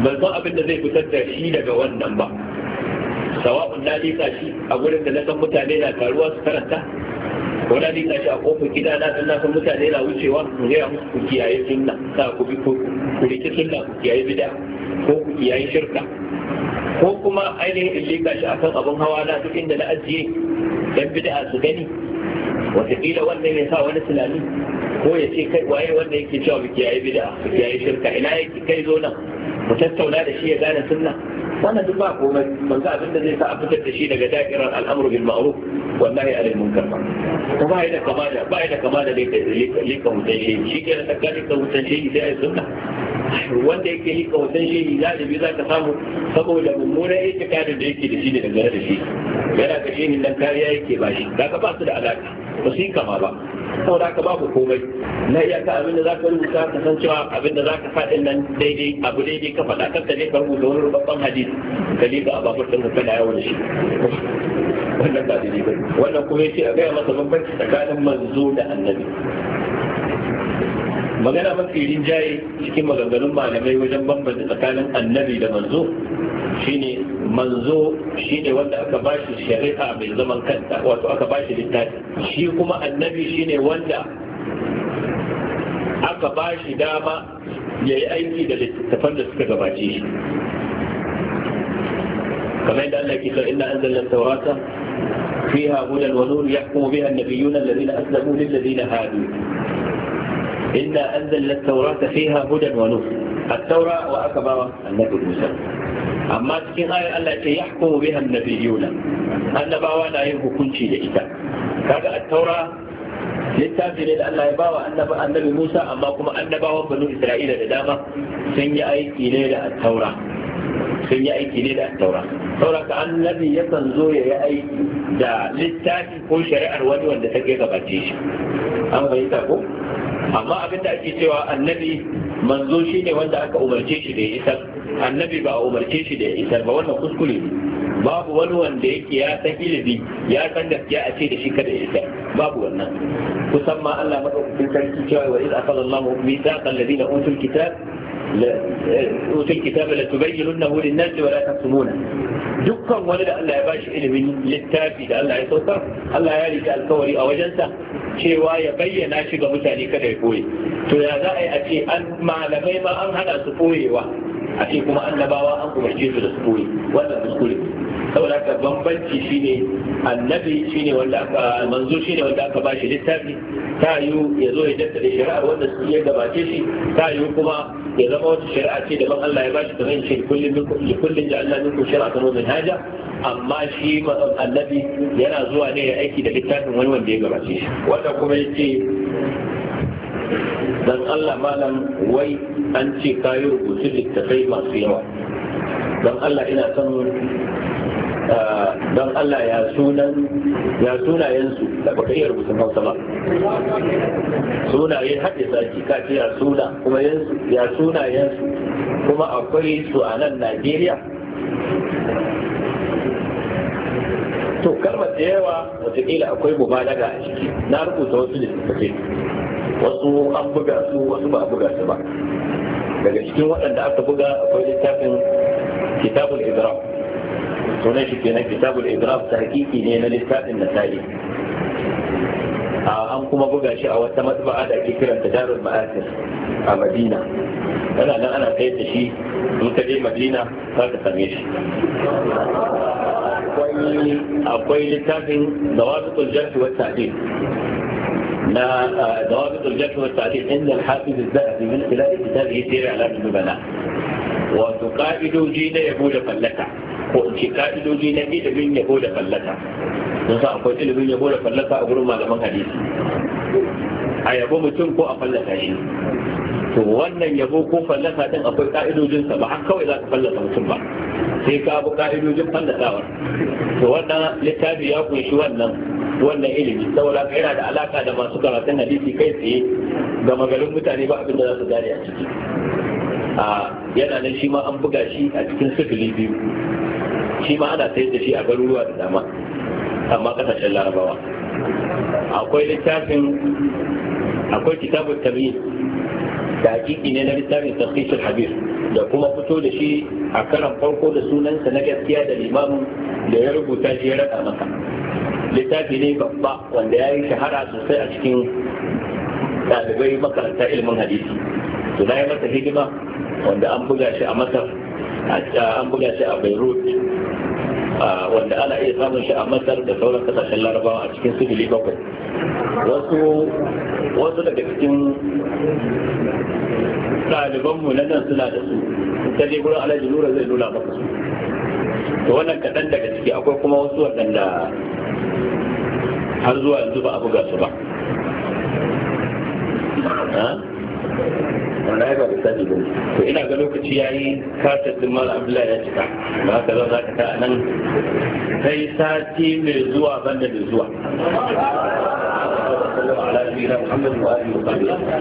ban san abin da zai fitar da shi daga wannan ba sawa'un na lisa shi a gurin da na san mutane na taruwa su karanta ko na lisa shi a kofar gida na san san mutane na wucewa in gaya musu ku kiyaye sunna sa ku bi ku ku sunna ku kiyaye bid'a ko yayi shirka ko kuma ainihin in leka shi akan abun hawa na duk inda na ajiye dan bid'a su gani wataƙila wannan ya sa wani tunani ko ya ce kai waye wanda yake cewa biki yayi bid'a biki yayi shirka ina yake kai zo nan mu tattauna da shi ya gane sunna wannan duk ba komai ban ga abin da zai sa a fitar da shi daga da'irar al'amru bil ma'ruf wallahi alal munkar ba to ba ya da kama ba ya da kama da lika lika mutan shi ke da kaka lika mutan shi sai ya sunna wanda yake yi kawasan shehi za a biyu za ka samu saboda mummunan kada da yake da shi da dangane da shi yana ga shehin nan kariya yake ba shi ka ba su da alaƙa ba su yi kama ba saboda haka babu komai na iya ka abinda za ka rubuta ka san cewa abinda za ka faɗin nan daidai abu daidai ka faɗa kan ne ka rubuta wani rubabban hadisi ka liƙa a babur ɗin ka kana yawo da shi wannan ba daidai ba wannan kuma ya ce a gaya masa bambanci tsakanin manzo da annabi magana mafi rinjaye cikin maganganun malamai wajen bambanta tsakanin annabi da manzo shine manzo shine wanda aka bashi shari'a mai zaman kanta wato aka bashi littafi shi kuma annabi shine wanda aka bashi dama ya yi aiki da littattafan da suka gabace shi kamar yadda Allah ke inna anzalna tawrata fiha hudan wa nur yahkumu biha an-nabiyyuna alladhina aslamu lil ladina hadu إلا أنزلنا التوراة فيها هدى ونور التوراة وأكبر النبي موسى أما تكين آية التي يحكم بها النبيون أن باوانا يهكون شيء لإتا كذا التوراة littafi ne da Allah ya bawa annabi Musa amma kuma annabawan banu Isra'ila da dama sun yi aiki ne da taura sun yi aiki ne da taura ka annabi yakan zo ya yi aiki da littafi ko shari'ar wani wanda ta ke gabace shi an fahimta ko amma abin da ake cewa annabi manzo shine wanda aka umarce shi da ya isar annabi ba a umarce shi da ya isar ba wannan kuskure babu wani wanda yake ya san ilimi ya san gaskiya a ce da shi kada ya isar babu wannan kusan ma Allah madaukakin sarki cewa wa iz akhadha Allahu mithaqa alladhina utul kitab أوتي الكتاب لتبيننه للناس ولا تكتمونه dukkan wani da Allah ya bashi ilimin littafi da Allah ya sauka, Allah ya rike alkawari a wajensa cewa ya bayyana shi ga mutane kada ya koye to za a yi a ce an malamai ma an hana su koyewa a ce kuma annabawa an umarce su da su koye saboda ka bambanci shine annabi shine wanda aka manzo shine wanda aka ba shi littafi ta yiwu ya zo ya jaddada shari'ar wanda su ya gabace shi ta yiwu kuma ya zama wata shari'a ce ban Allah ya bashi kamar shi kullum kullum da Allah minkum shari'atan wa haja amma shi annabi yana zuwa ne ya aiki da littafin wani wanda ya gabace shi wanda kuma yace dan Allah malam wai an ce kayo rubutu littafai masu yawa don Allah ina son don Allah ya sunan ya sunayensu da baka iya rubutun hausa ba sunaye haɗe zaki ka ce ya suna kuma ya sunayensu kuma akwai su a nan Najeriya to kalmar da yawa wataƙila akwai mubalaga a ciki na rubuta wasu littattafai wasu an buga su wasu ba a buga su ba daga cikin waɗanda aka buga akwai littafin kitabul ibrahim تناشد في كتاب الإدراك تحقيقي هي ملكة النتائج آه، أم كما بقى شيء أو التمت بعد كثيرا تجار المآثر مدينة أنا لا أنا قيت شيء أنت ليه مدينة هذا تميش أقوي لتاكن ضوابط الجهد والتعديل لا آه، ضوابط الجهد والتعديل إن الحافظ الذهبي من خلال كتابه سير على المبنى وتقائد جيدا يقول فلتا ko in ce ka'idoji na ilimin yabo da fallata don sa akwai ilimin yabo da fallata a gurin malaman hadisi a yabo mutum ko a fallata shi to wannan yabo ko fallaka din akwai sa ba har kawai za ka fallaka mutum ba sai ka bu ka'idojin fallakawa to wannan littafi ya kunshi wannan wannan ilimi saboda ka yana da alaka da masu karatun hadisi kai tsaye ga magarin mutane ba abin da za su gane a ciki yana nan shi ma an buga shi a cikin sifili biyu shi ma ana sayar da shi a garuruwa da dama amma kasashen larabawa akwai littafin akwai kitabun tamiyyar da hakiki ne na littafin tafkishin habir da kuma fito da shi a karan farko da sunansa na gaskiya da limamin da ya rubuta shi ya raka masa littafi ne babba wanda ya yi shahara sosai a cikin ɗalibai makaranta ilimin hadisi to na yi masa hidima wanda an buga shi a masar an buga shi a beirut wanda ana iya samun shi a masar da sauran kasashen larabawa a cikin sifili bakwai wasu wasu daga cikin ɗalibanmu na nan suna da su ta je gurin alhaji nura zai nuna maka su to wannan kaɗan daga ciki akwai kuma wasu waɗanda har zuwa yanzu ba a buga su ba wani ya ba ka sani ba to ina ga lokaci yayi kasar din mal abdullahi ya cika ba haka zan zaka ta nan kai sati mai zuwa banda da zuwa ala nabiyina muhammad wa